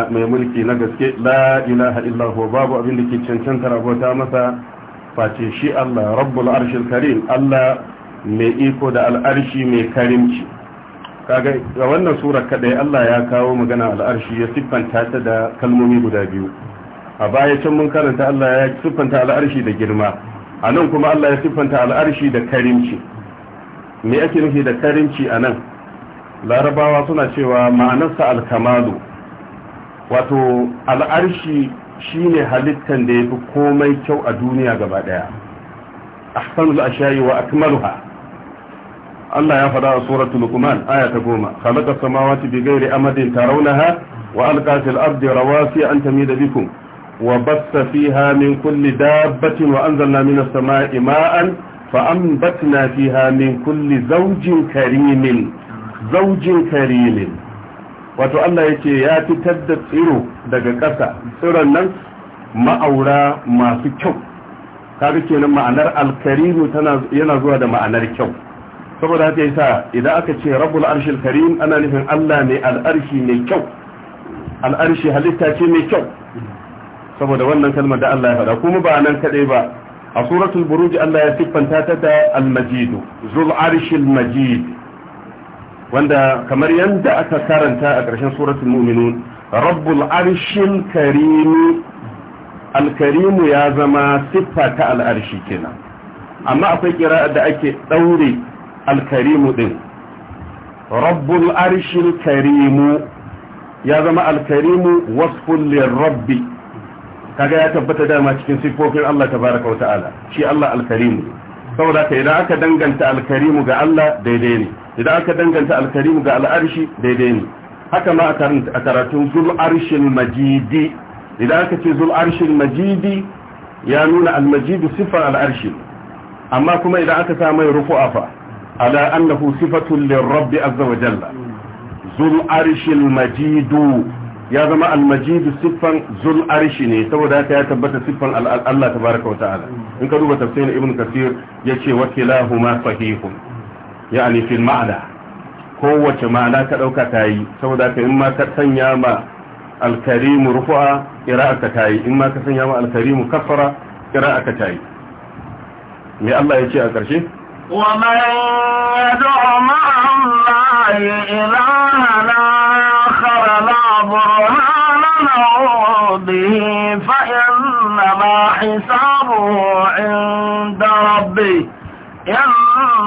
mai mulki na gaske la ilaha illahu babu abin da ke cancanta rabota masa face shi Allah rabbul arshil karim Allah mai iko da al'arshi mai karimci kaga ga wannan sura kadai Allah ya kawo magana al'arshi ya siffanta ta da kalmomi guda biyu a baya can mun karanta Allah ya siffanta al'arshi da girma a nan kuma Allah ya siffanta al'arshi da karimci me ake nufi da karimci a nan larabawa suna cewa ma'anarsa alkamalu wato al'arshi shine halittan da ya fi komai kyau a duniya gaba daya ahsanul ashayi wa akmaluha Allah ya faɗa a suratu Luqman aya goma khalaqa samawati bi ghairi amadin tarawnaha wa alqa fil ardi rawasi an tamida bikum wa batta fiha min kulli dabbatin wa anzalna minas samai ma'an fa anbatna fiha min kulli zawjin karimin zawjin karimin wato Allah ya ce ya fitar da tsiro daga ƙasa tsiron nan ma'aura masu kyau kaga kenan ma'anar alkarimu tana yana zuwa da ma'anar kyau saboda haka yasa idan aka ce rabbul arshil karim ana nufin Allah ne al'arshi kyau al'arshi halitta ce mai kyau saboda wannan kalmar da Allah ya faɗa kuma ba nan kadai ba a suratul buruj Allah ya siffanta ta da al-majid zul arshil majid wanda kamar yadda aka karanta a ƙarshen suratul mu'minun rabbul arshil karim alkarimu ya zama siffa ta al'arshi kenan amma akwai kira da ake daure alkarimu din rabbul arshil karimu ya zama alkarimu wasfun lirabbi kaga ya tabbata dama cikin sifofin Allah tabaraka wa ta'ala shi Allah alkarimu saboda ka idan aka danganta alkarimu ga Allah daidai ne idan aka danganta alkarim ga al'arshi daidai ne haka ma a karatun zularshin majidi idan aka ce zularshin majidi ya nuna almajidu siffar al'arshi amma kuma idan aka sa mai rufu'a fa ala annahu sifatun rabbi azza wa jalla zul majidu ya zama almajidu siffan zul arshi ne saboda haka ya tabbata siffan Allah tabaraka wa ta'ala in ka duba tafsirin ibn kasir yace wa kilahuma sahihun yani fil ma'ana kowace ma'ana ka ɗauka ta yi saboda ka in ma ka sanya ma alkarimu rufu'a ƙira'aka ta yi in ma ka sanya ma alkarimu kafara ƙira'aka ta yi me Allah ya ce a ƙarshe ومن يدع مع الله إلها آخر لا برهان له به فإنما حسابه عند ربه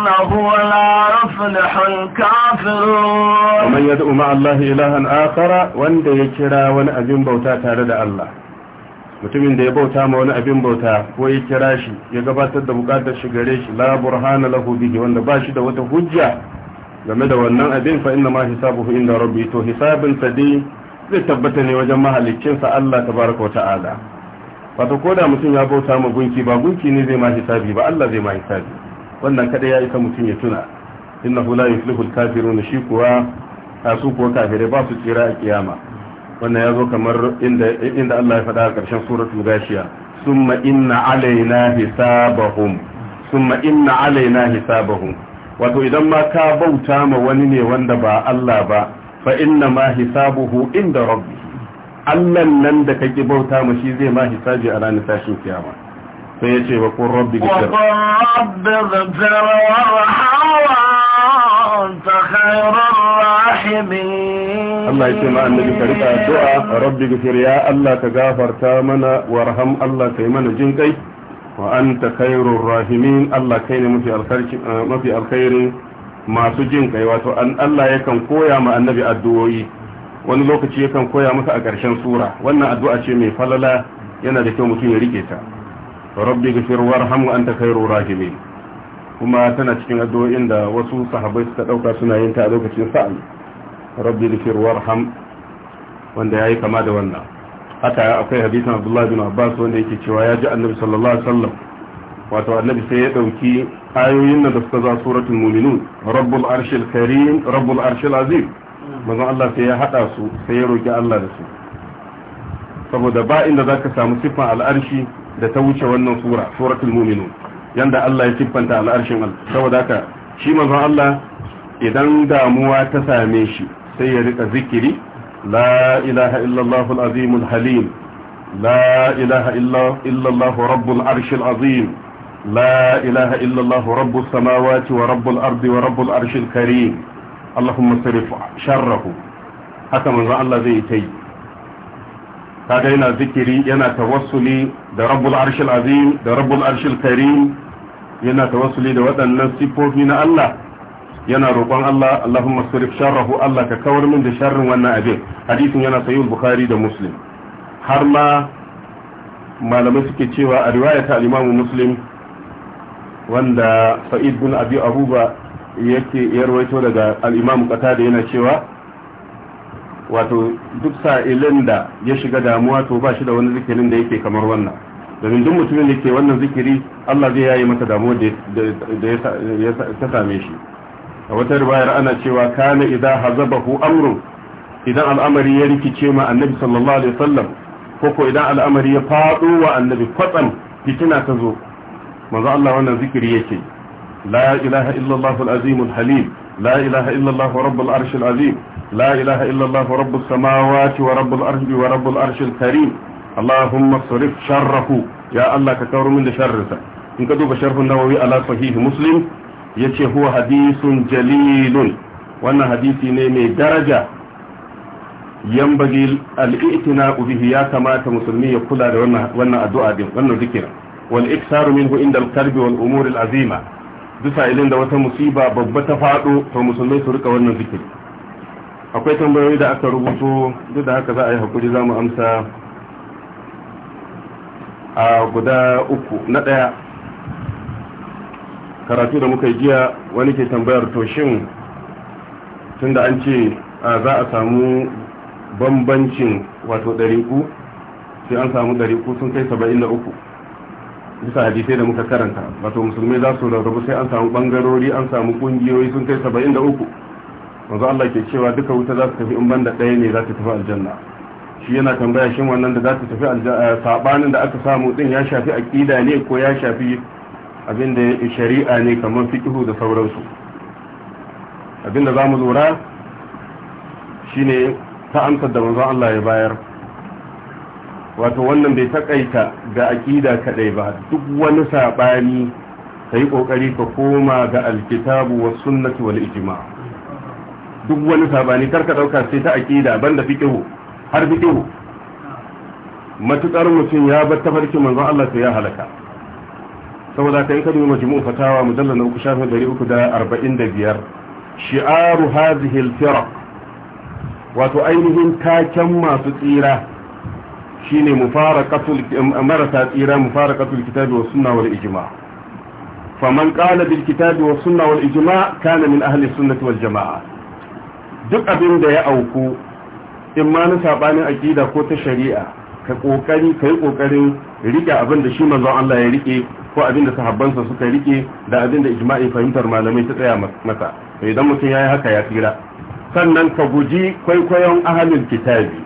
إنه لا يفلح الكافرون ومن يدعو مع الله إلها آخر وان دي يكرا وان أبين بوتا تارد الله mutumin da ya bauta ma wani abin bauta ko ya kira shi ya gabatar da bukatar shi gare shi la burhana lahu bihi wanda ba shi da wata hujja game da wannan abin fa inna ma hisabuhu inda rabbi to hisabin sa zai tabbata ne wajen mahalicin sa Allah ta wata'ala wato koda mutum ya bauta ma gunki ba gunki ne zai ma hisabi ba Allah zai ma hisabi wannan kada ya isa mutum ya tuna hula innahu la yuflihul kafirun shi kuwa su kuwa kafirai ba su tsira a kiyama wannan ya zo kamar inda Allah ya faɗa a ƙarshen suratul gashiya summa inna alaina hisabahum summa inna alaina hisabahum wato idan ma ka bauta ma wani ne wanda ba Allah ba fa inna ma hisabuhu inda rabbi Allah nan da kake bauta ma shi zai ma hisabi a ranar tashin kiyama sai ya ce wa kun rabbi gafir Allah ya ce ma annabi ka rika addu'a rabbi gafir ya Allah ka gafarta mana warham Allah kai mana jin kai wa anta khairur rahimin Allah kai ne mafi alkhairi mafi masu jin kai wato an Allah yakan koya ma annabi addu'o'i wani lokaci yakan koya masa a ƙarshen sura wannan addu'a ce mai falala yana da kyau mutum ya rike ta rabbi gafir warham wa anta khairu rahimin kuma tana cikin addu'o'in da wasu sahabai suka ɗauka suna yin ta a lokacin sa'al rabbi gafir ham. wanda yi kama da wannan haka akwai hadisin Abdullahi bin Abbas wanda yake cewa ya ji Annabi sallallahu alaihi wasallam wato Annabi sai ya ɗauki. ayoyin nan da suka za suratul mu'minun rabbul arshil karim rabbul arshil azim manzon Allah sai ya hada su sai ya roki Allah da su saboda ba inda zaka samu sifan al'arshi da ta wuce wannan sura suratul mu'minun yanda Allah ya siffanta al'arshin Allah saboda haka shi manzon Allah idan damuwa ta same shi sai ya rika zikiri la ilaha illallah al-azim al-halim la ilaha illallah rabbul arshil azim لا إله إلا الله رب السماوات ورب الأرض ورب الأرش الكريم اللهم صرف شره حتى من الله زي تي kaga yana zikiri yana tawassuli da rabbul arshil azim da rabbul arshil karim yana tawassuli da waɗannan sifofi na Allah yana roƙon Allah Allahumma sarif sharrahu Allah ka kawar min da sharrin wannan abin hadisin yana sahih bukhari da muslim har ma malamai suke cewa a riwaya ta al muslim wanda sa'id bin abi abuba yake ya rawaito daga al-imam qatada yana cewa wato duk sa'ilin da ya shiga damuwa to ba shi da wani zikirin da yake kamar wannan domin duk mutumin da ke wannan zikiri Allah zai yayi masa damuwa da ta same shi a wata ribayar ana cewa kana idza hazabahu amru idan al'amari ya rikice ma annabi sallallahu alaihi wasallam ko ko idan al'amari ya fado wa annabi kwatsam fitina ta zo manzo Allah wannan zikiri yake la ilaha illallah al halim la ilaha illallah rabbul arshil azim لا إله إلا الله رب السماوات ورب الأرض ورب الأرش الكريم اللهم صرف شره يا الله كتور من شرسه إن كتب شرف النووي على صحيح مسلم يتي هو حديث جليل وأن حديث نيمي درجة ينبغي الاعتناء به يا كما كمسلمي يقول وأن الدعاء به وأن ذكر والإكثار منه عند الكرب والأمور العظيمة duk sa'ilin da wata musiba babba ta faɗo to musulmai su rika wannan zikiri akwai tambayoyi da aka rubuto duk da haka za a yi hakuri za mu amsa a guda uku na ɗaya karatu da muka jiya wani ke tambayar toshin tunda an ce za a samu bambancin wato ɗariku sai an samu ɗariku sun kai saba'in da uku bisa hadisai da muka karanta wato musulmi za su rarrabu sai an samu ɓangarori an samu ƙungiyoyi sun kai saba'in da uku wanzu Allah ke cewa duka wuta za su tafi in banda ɗaya ne za ta tafi aljanna shi yana tambaya shin wannan da za ta tafi aljanna eh, da aka samu ɗin ya shafi aƙida ne ko ya shafi abin da shari'a ne kamar fiqhu da sauransu abin da mu lura shi ne ta amsa da manzon Allah ya bayar wato wannan bai takaita ga aƙida kaɗai ba duk wani saɓani sabani yi ƙoƙari ka koma ga alkitabu wa sunnati wal ijma'a duk wani sabani karka ɗauka sai ta ban da fiqhu har fiqhu matuƙar mutum ya bar tafarki manzon Allah sai ya halaka saboda kai ka dubi majmu'u fatawa mujallal na uku shafin 345 shi'aru hadhihi al-firaq wato ainihin taken masu tsira shine mufaraqatul marasa tsira mufaraqatul kitabi was sunna wal ijma' faman qala bil kitabi was sunna wal ijma' kana min ahli duk abin da ya auku in ma na sabanin aƙida ko ta shari'a ka ƙoƙari ka yi kokarin rike abin da shi manzon Allah ya rike ko abin da sahabbansa suka rike da abin da ijma'i fahimtar malamai ta tsaya masa to idan mutum yi haka ya tsira sannan ka guji kwaikwayon ahalin kitabi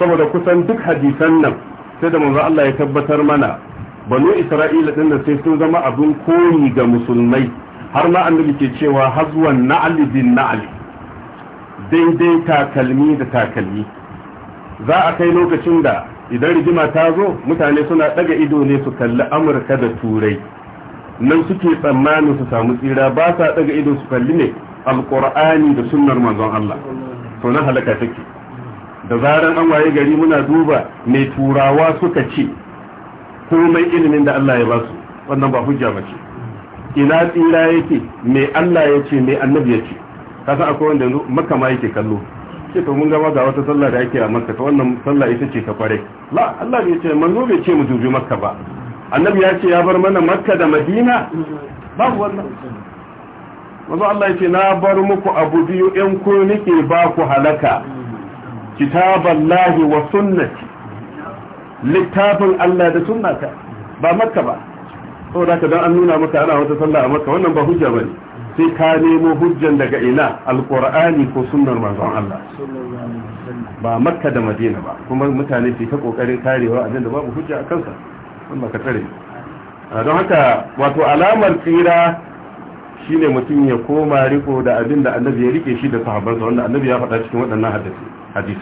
saboda kusan duk hadisan nan sai da manzon Allah ya tabbatar mana banu Isra'ila din sai sun zama abin koyi ga musulmai har ma annabi ke cewa hazwan na'li bin na'li daidai takalmi da takalmi za a kai lokacin da idan rigima ta zo mutane suna daga ido ne su kalli amurka da turai nan suke tsammanin su samu tsira ba sa daga ido su kalli ne alƙur'ani da sunnar manzon Allah to nan halaka take da zaran an waye gari muna duba mai turawa suka ce komai ilimin da Allah ya ba su wannan ba hujja ba ce ina tsira yake mai Allah ya ce mai annabi ya ce Ka san akwai wanda maka makka ma yake kallo ce to mun gama ga wata sallah da ake a makka ta wannan sallah ita ce ta kware la Allah bai ce manzo bai ce mu dubi makka ba annabi ya ce ya bar mana makka da madina babu wannan manzo Allah ya ce na bar muku abu biyu in ku nike ba ku halaka kitaballahi wa sunnati littafin Allah da sunnata ba makka ba saboda ka dan an nuna maka ana wata sallah a makka wannan ba hujja bane sai ka nemo hujjan daga ina alkur'ani ko sunnar manzon Allah ba makka da madina ba kuma mutane su ta kokarin karewa abin da babu hujja a kansa wanda ka tsare don haka wato alamar tsira shine mutum ya koma riko da abin da annabi ya rike shi da sahabbansa wanda annabi ya faɗa cikin waɗannan hadisai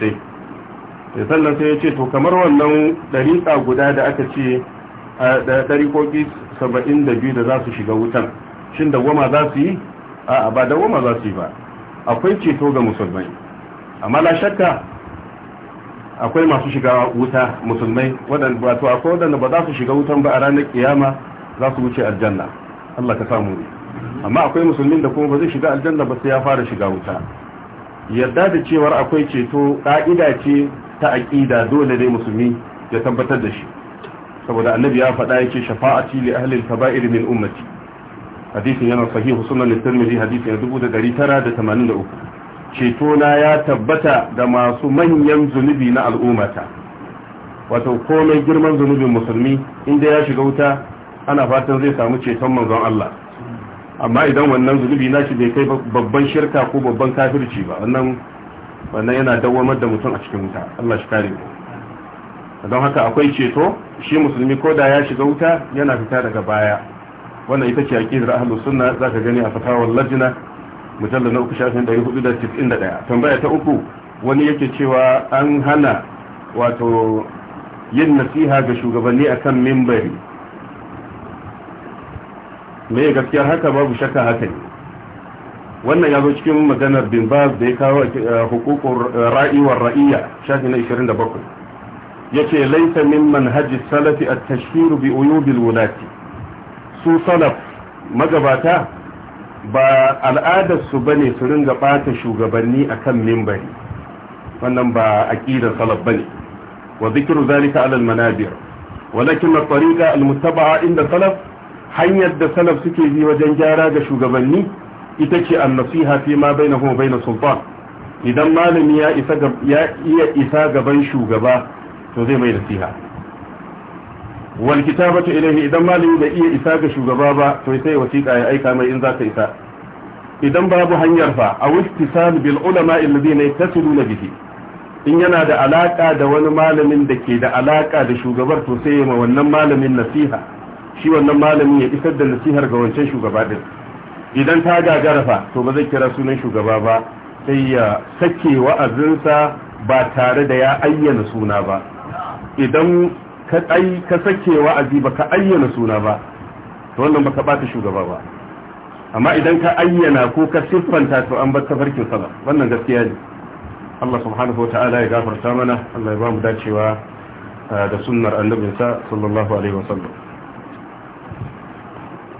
sai eh, sannan sai ya ce to kamar wannan ɗariƙa guda da aka ce ɗariƙoƙi saba'in da biyu da za su shiga wutan shin da dawwama za su yi a ba da dawwama za su yi ba akwai ceto ga musulmai amma la shakka akwai masu shiga wuta musulmai waɗanda ba akwai wadanda ba za su shiga wutan ba a ranar kiyama za su wuce aljanna Allah ka samu ne amma akwai musulmin da kuma ba zai shiga aljanna ba sai ya fara shiga wuta yadda da cewar akwai ceto ƙa'ida ce ta aƙida dole ne musulmi ya tabbatar da shi saboda annabi ya faɗa yake shafa'ati li ahli al-kaba'ir min ummati hadisin yana sahihu sunan tirmidhi hadisin 1983 ceto na ya tabbata da masu manyan zunubi na al'ummata wato komai girman zunubin musulmi inda ya shiga wuta ana fatan zai samu ceton manzon Allah amma idan wannan zunubi naci bai kai babban shirka ko babban kafirci ba wannan wannan yana dawamar da mutum a cikin wuta Allah shi kare mu don haka akwai ceto shi musulmi ko da ya shiga wuta yana fita daga baya wannan ita ce aqidar ahlus sunna zaka gani a fatawar lajna mujallal na uku shafin 491 tambaya ta uku wani yake cewa an hana wato yin nasiha ga shugabanni akan mimbari me gaskiyar haka babu shakka haka ne wannan ya zo cikin maganar bin baz da ya kawo eh, hukukun ra'iwar ra'iyya shafi na 27 yace laita min manhaji salafi at tashiru bi uyubil wulati su salaf magabata ba al'adarsu ba ne su ringa ɓata shugabanni a kan mimbari wannan ba aƙidar salaf ba ne wa zikiru zalika alal manabir walakin na tsarika almutaba'a inda salaf hanyar da salaf suke bi wajen gyara ga shugabanni ita ce annasiha fi ma bai na sultan idan malami ya isa ya iya isa gaban shugaba to zai mai nasiha wal kitabatu ilayhi idan malami bai iya isa ga shugaba ba to sai wasiƙa ya aika mai in ka isa idan babu hanyar fa a wistisal bil ulama alladhina yattasiluna bihi in yana da alaka da wani malamin da ke da alaka da shugabar to sai ma wannan malamin nasiha shi wannan malamin ya isar da nasihar ga wancan shugaba din idan ta gagara fa to ba zai kira sunan shugaba ba sai ya sake wa'azinsa ba tare da ya ayyana suna ba idan ka ai ka sake wa'azi ba ka ayyana suna ba to wannan baka bata shugaba ba amma idan ka ayyana ko ka siffanta to an bar tafarkin salaf wannan gaskiya ne Allah subhanahu ya gafarta mana Allah ya ba mu dacewa eh, da sunnar annabinsa sallallahu alaihi